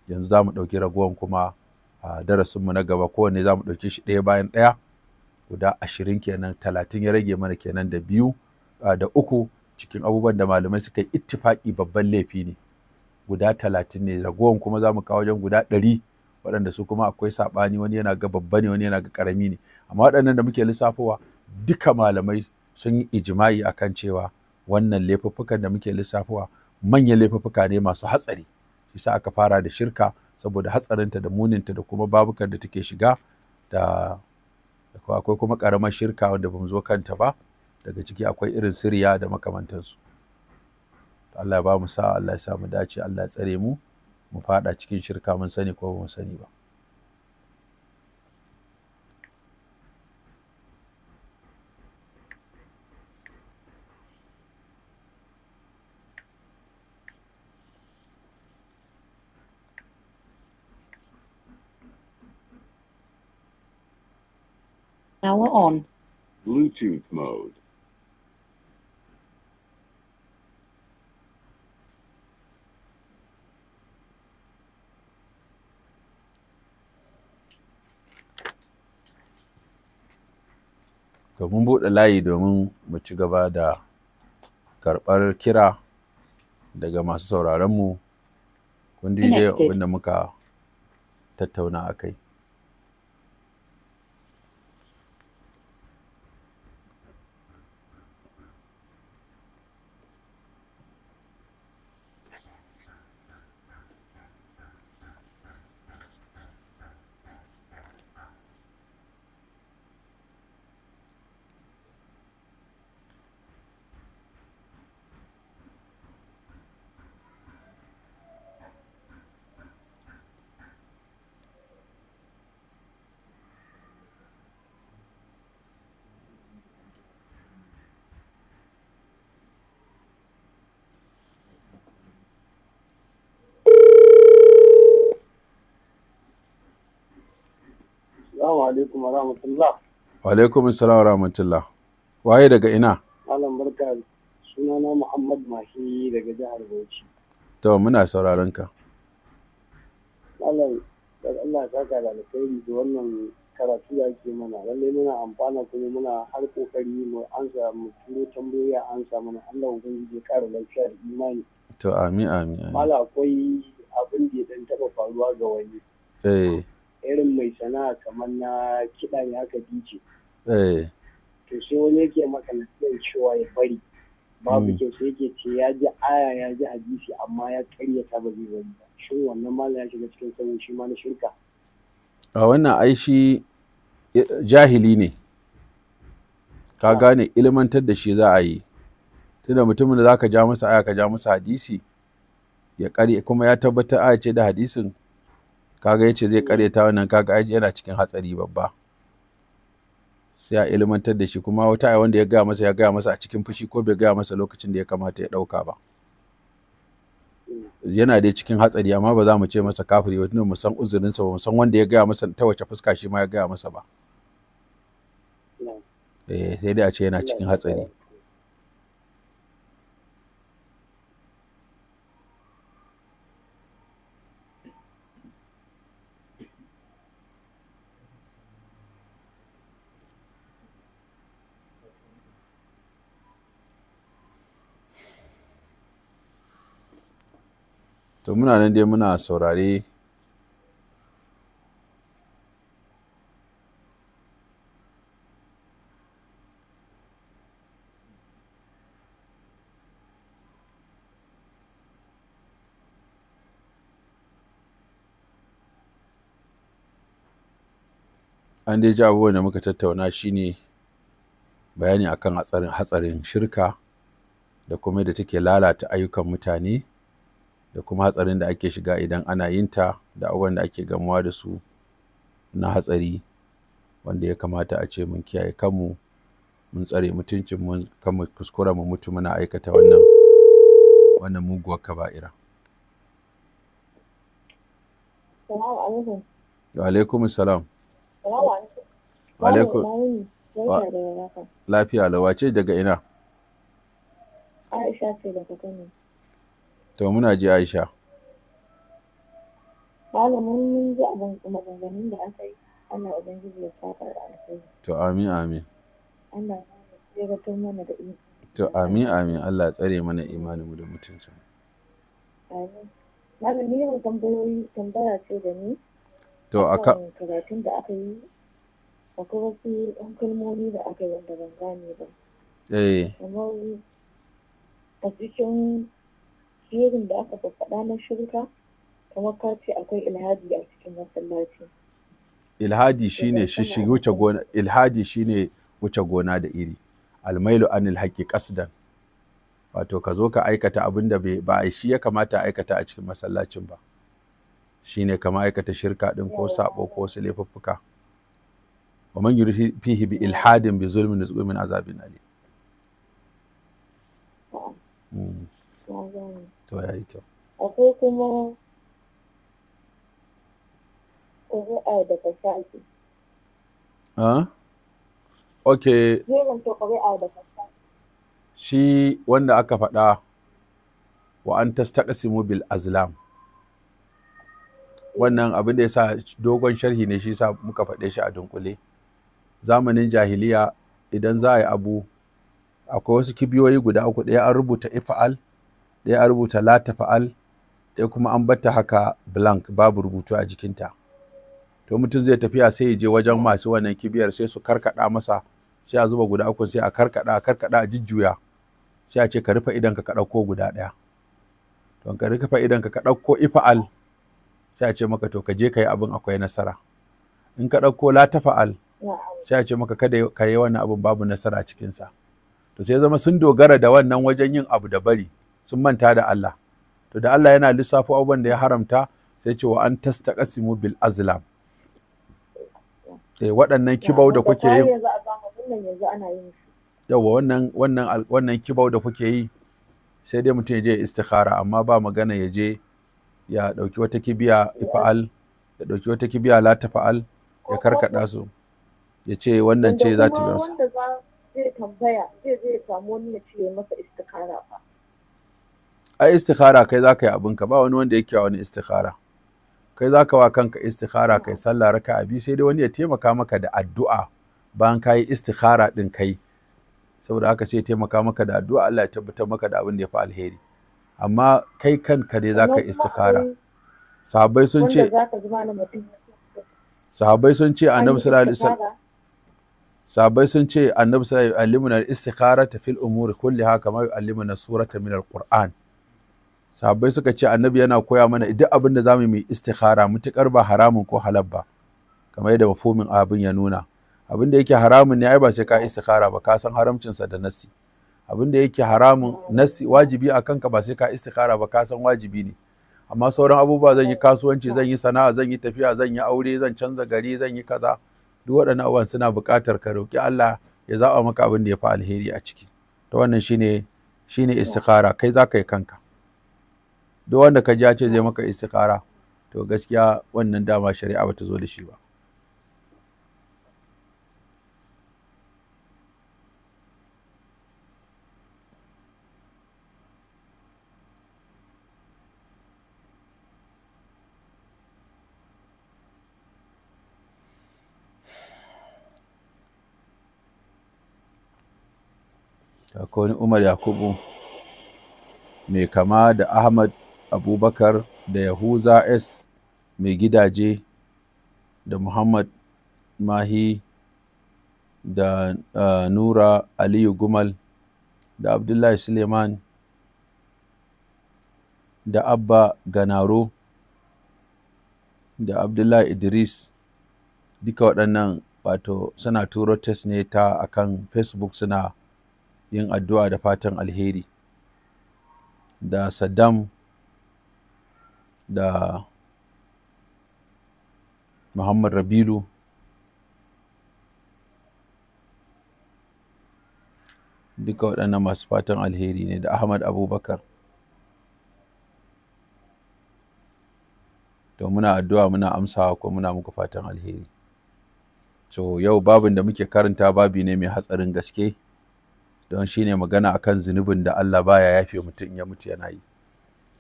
yanzu za mu ɗauki raguwan kuma a darasinmu na gaba kowanne za mu ɗauki shi ɗaya bayan ɗaya guda ashirin kenan talatin ya rage mana kenan da biyu da uku cikin abubuwan da malamai suka yi ittifaki babban laifi ne guda talatin ne raguwan kuma za mu kawo wajen guda ɗari waɗanda su kuma akwai saɓani wani yana ga babba ne wani yana ga ƙarami ne amma waɗannan da muke lissafowa duka malamai sun yi ijima'i akan cewa wannan laifuffukan da muke lissafowa manyan laifuffuka ne masu hatsari Isa aka fara da shirka saboda hatsarinta da muninta da kuma babukan da take shiga da akwai kuma ƙaramar shirka wanda bamu zo kanta ba daga ciki akwai irin siriya da makamantansu Allah ya ba mu sa Allah ya sa mu dace Allah ya tsare mu mu we cikin shirka mun sani ko mun sani ba Now on. Bluetooth mode. to mun buɗe layi domin mu ci gaba da karɓar kira daga masu sauraronmu kun dai abinda muka tattauna a kai alaikum wa rahmatullah. Wa alaikum assalam wa rahmatullah. Waye daga ina? Malam barka sunana Muhammad Mahi daga jihar Bauchi. To muna sauraron ka. Malam Allah ya saka da alkhairi da wannan karatu da ake mana lalle muna amfana kuma muna har kokari mu ansa mu turo tambayoyi ansa mana Allah ubangiji ya kara lafiya da imani to amin amin mala akwai abin da ya dan taba faruwa ga wani eh irin mai sana'a kamar na kiɗa ne haka dice. Eh. To sai wani yake maka cewa ya bari. Babu hmm. kyau sai yake ce ya ji aya ya ji hadisi amma ya karya ba zai bari ba. Shin wannan malam ya shiga cikin sanin shi ma na shirka. A wannan ai shi jahili ne. Ka ah. gane ilmantar da shi za a yi. Tunda mutumin da za ka ja masa aya ka ja masa hadisi ya kuma ya tabbatar aya ce da hadisin kaga yace zai karyata wannan kaga aji yana cikin hatsari babba sai a ilmantar da shi kuma wata ai wanda ya gaya masa ya gaya masa a cikin fushi ko bai gaya masa lokacin da ya kamata ya dauka ba yana da cikin hatsari amma ba za mu ce masa kafiri ba tunda mu san uzurinsa ba mu san wanda ya gaya masa ta wace fuska shi ma ya gaya masa ba eh sai dai a ce yana cikin hatsari to muna nan dai muna saurare an dai ji abubuwan da muka tattauna shine bayani akan hatsarin shirka da kuma da take lalata ayyukan mutane da kuma hatsarin da ake shiga idan ana yin ta da abubuwan da ake gamuwa da su na hatsari wanda ya kamata a ce mun kiyaye kanmu mun tsare mutuncin mu kan kuskura mu mutu muna aikata wannan wannan muguwar kaba'ira wa alaikum salam wa alaikum lafiya lawace daga ina Aisha ce daga Kano To muna ji Aisha. Malamin mun ji abin maganganun To amin amin. To amin amin Allah ya tsare mana imanin mu da mutunci. Amin. yau tambayoyi tambaya ce da ni. To aka karatun da aka yi akwai wasu ɗan kalmomi da aka yi wanda ban ba. Eh. Kamar a cikin jerin da aka faɗa na shirka kamar ka ce akwai ilhadi a cikin masallaci ilhadi shine shi wuce gona ilhadi shine wuce gona da iri almailu anil haqqi kasdan wato ka zo ka aikata abin da ba a shi ya kamata a aikata a cikin masallacin ba shi ne kama aikata shirka ɗin ko saɓo ko wasu laifuffuka wa man yi fihi bi ilhadin bi zulmin da nuzqu min azabin ali ya yi kyau akwai kuma da ah shi wanda aka faɗa wa an tastaqsimu bil azlam wannan abin da ya sa dogon sharhi ne shi sa muka faɗe shi a dunkule zamanin jahiliya idan za a yi abu akwai wasu kibiyoyi guda uku ɗaya an rubuta ifa'al da a rubuta Lata fa'al, da kuma an bata haka blank babu rubutu a jikinta to mutum zai tafiya sai ya je wajen masu wannan kibiyar sai su karkada masa sai a zuba guda uku sai a karkada a karkada a jujjuya sai a ce ka rufe idan ka ɗauko guda ɗaya to ka rufe idan ka ɗauko ifa'al sai a ce maka to ka je ka yi abin akwai nasara in ka dauko la fa'al sai a ce maka kada ka yi wannan abin babu nasara cikin cikinsa to sai zama sun dogara da wannan wajen yin abu da bari sun manta da Allah to da Allah yana lissafo abubuwan da ya haramta sai ce wa an tastaqasimu bil azlam eh waɗannan kibau da kuke yi yawa wannan wannan wannan kibau da kuke yi sai dai mutum ya je istikhara amma ba magana ya je ya ɗauki wata kibiya ifa'al ya ɗauki wata kibiya la tafa'al ya karkaɗa su ya ce wannan ce za ta biya Wanda za zai tambaya zai zai samu wani ya ce masa istikhara ba. ai istikhara kai zaka yi abin ka ba wani wanda yake wani istikhara kai zaka wa kanka istikhara kai sallah raka abi sai dai wani ya taimaka maka da addu'a bayan ka yi istikhara din kai saboda haka sai ya taimaka maka da addu'a Allah ya tabbatar maka da abin da ya fi alheri amma kai kanka dai zaka yi istikhara sahabbai sun ce sahabbai sun ce annabi sallallahu alaihi wasallam sahabbai sun ce annabi sallallahu alaihi wasallam alimuna istikhara fil umuri kulliha kama yu'allimuna surata min alquran sahabbai suka ce annabi yana koya mana duk abin da za mu yi istikhara mutukar ba haramun ko halal ba kamar yadda mafomin abin ya nuna abin da yake haramun ne ai ba sai ka istikhara ba ka san haramcinsa da nasi abin da yake haramun nasi wajibi a kanka ba sai ka istikhara ba ka san wajibi ne amma sauran abubuwa zan yi kasuwanci zan yi sana'a zan yi tafiya zan yi aure zan canza gari zan yi kaza duk waɗannan abubuwan suna buƙatar ka roƙi Allah ya zaɓa maka abin da ya fi alheri a ciki ta wannan shine shine istikhara kai za ka yi kanka duk wanda ka ji ce zai maka istikara to gaskiya wannan dama shari'a bata zo da shi ba akwai wani umar yakubu mai kama da ahmad abubakar da yahuza s mai gidaje da muhammad mahi da uh, nura aliyu gumal da abdullahi suleiman da abba ganaro da abdullahi idris duka waɗannan wato suna turo test ne ta akan facebook suna yin addu'a da fatan alheri da saddam da Muhammad Rabilu duka waɗannan masu fatan alheri ne da Ahmad Abubakar to muna addu'a muna amsawa ko muna muku fatan alheri to yau babin da muke karanta babi ne mai hatsarin gaske don shine magana akan zunubin da Allah baya yafe mutum ya mutu yana yi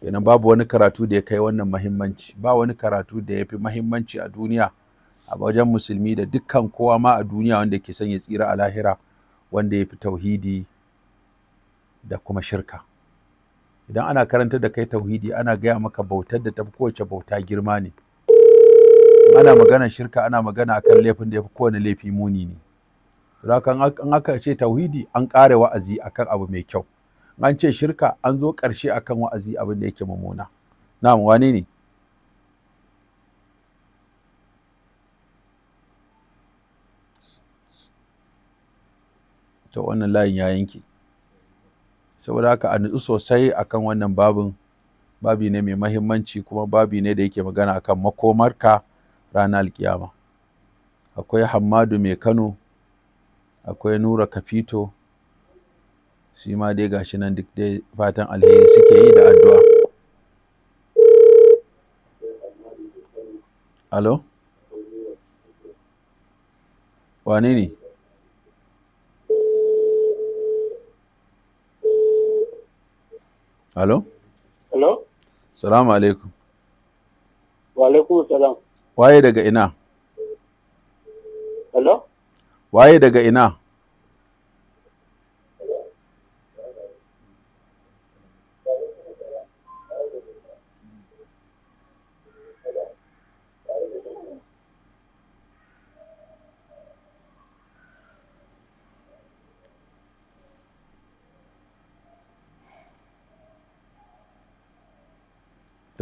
kenan babu wani karatu da ya kai wannan mahimmanci ba wani karatu da ya fi mahimmanci a duniya a wajen musulmi da dukkan kowa ma a duniya wanda ke son ya tsira a lahira wanda ya fi tauhidi da kuma shirka idan ana karanta da kai tauhidi ana gaya maka bautar da ta fi kowace bauta girma ne ana magana shirka ana magana akan laifin da ya fi kowane laifi muni ne. Rakan an aka ce tauhidi an ƙare wa'azi akan abu mai kyau. an ce shirka an zo ƙarshe akan wa'azi abin da yake mummuna mu wane ne to wannan layin ya yanke saboda haka a nutsu sosai akan wannan babin babi ne mai mahimmanci kuma babi ne da yake magana akan makomarka ranar alkiyama akwai Hamadu mai kano akwai nura kafito shi ma dai shi nan duk dai fatan alheri suke yi da addu'a alo wane ne alo alo salamu alaikum wa alaikum salam waye daga ina alo waye daga ina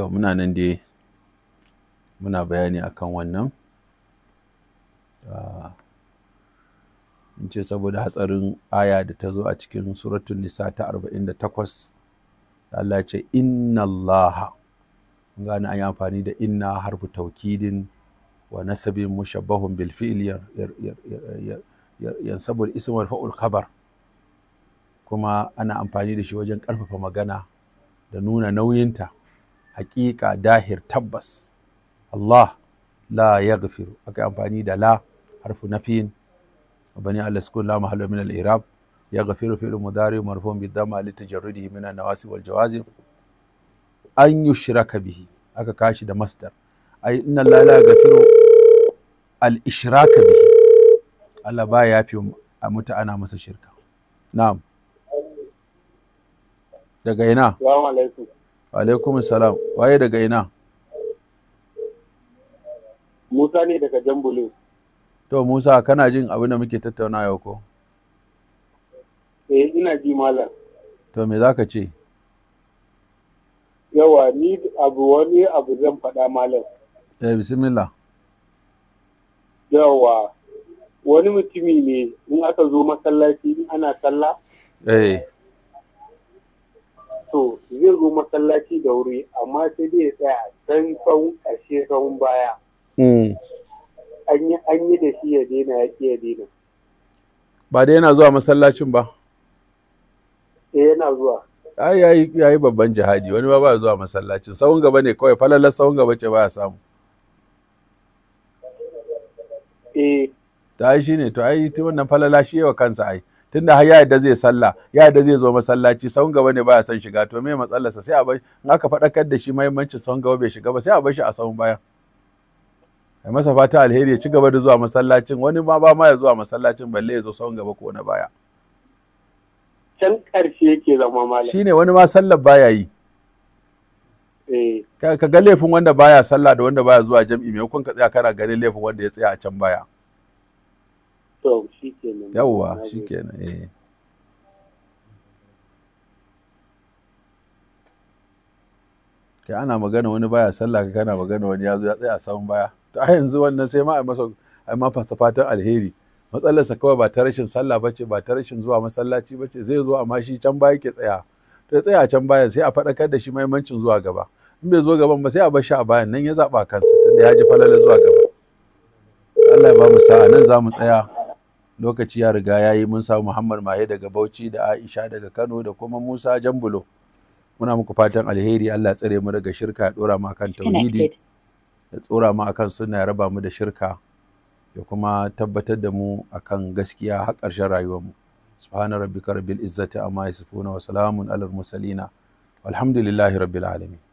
to muna nan dai muna bayani akan wannan ah, in ce saboda hatsarin aya da ta zo a cikin suratun nisa ta 48 Allah ce inna Allah gane an yi amfani da inna harfu taukidin wa nasabin mushabbahun bil fi'il saboda ism wal fa'ul khabar kuma ana amfani da shi wajen ƙarfafa magana da nuna nauyinta haƙiƙa dahir tabbas Allah la yaghfiru akai amfani da la harfu nafiyin bani Allah sukun la mahallu min al irab yaghfiru fi'l mudari marfu'un bi dhamma li tajarrudihi min an nawasib wal jawazim an yushraka bihi aka kashi da masdar ai inna la la yaghfiru al ishraka bihi Allah ba ya fi a mutu ana masa shirka na'am daga ina alaikum salam waye daga ina musa ne daga jambulu to musa kana jin abin da muke tattauna yau ko eh ina ji malam to me zaka ce yawa ni abu wani abu zan faɗa malam eh bismillah yawa wani mutumi ne in aka zo masallaci in ana sallah eh zai zo masallaci da wuri amma sai dai ya tsaya don tsawon a shekarun baya hmm. an yi da shi ya daina ya ya daina ba dai yana zuwa masallacin ba eh yana zuwa ai ya yi babban jihadi wani ba ba zuwa masallacin tsawon gaba ne kawai falalar tsawon gaba ce ba ya samu eh ta shi ne, to ai ta wannan falala shi yawa kansa ai tunda har ya yadda zai sallah ya yadda zai zo masallaci sahun gaba ne baya son shiga to me matsalarsa sai a bar in aka faɗakar da shi muhimmancin sahun gaba bai shiga ba sai a bar shi a sahun baya ai masa fata alheri ya ci gaba da zuwa masallacin wani ma ba ma ya zuwa masallacin balle ya zo sahun gaba ko na baya can ƙarshe yake zama malam shine wani ma sallar baya yi eh. ka ga laifin wanda baya sallah da wanda baya zuwa jam'i maimakon ka tsaya kana ganin laifin wanda ya tsaya a can baya to shi kenan yawwa shi kenan eh kai ana magana wani baya sallah ka kana magana wani ya zo ya tsaya a samun baya to a yanzu wannan sai ma a masa a ma fasa fatan alheri matsalarsa kawai ba ta rashin sallah ba ce ba ta rashin zuwa masallaci ba ce. zai zo amma shi can baya ke tsaya to ya tsaya can baya sai a faɗakar da shi mahimmancin zuwa gaba in bai zo gaban ba sai a bar shi a bayan nan ya zaɓa kansa tunda ya ji falala zuwa gaba Allah ya ba mu sa'a nan za mu tsaya lokaci ya riga ya yi mun samu Muhammad Maye daga Bauchi da Aisha daga Kano da kuma Musa Jambulo. Muna muku fatan alheri Allah tsare mu daga shirka ya dora mu akan tauhidi ya tsora mu akan suna ya raba mu da shirka ya kuma tabbatar da mu akan gaskiya har ƙarshen rayuwar mu. Subhana rabbika rabbil izzati amma yasifuna wa salamun alal mursalina. Walhamdulillahi rabbil alamin.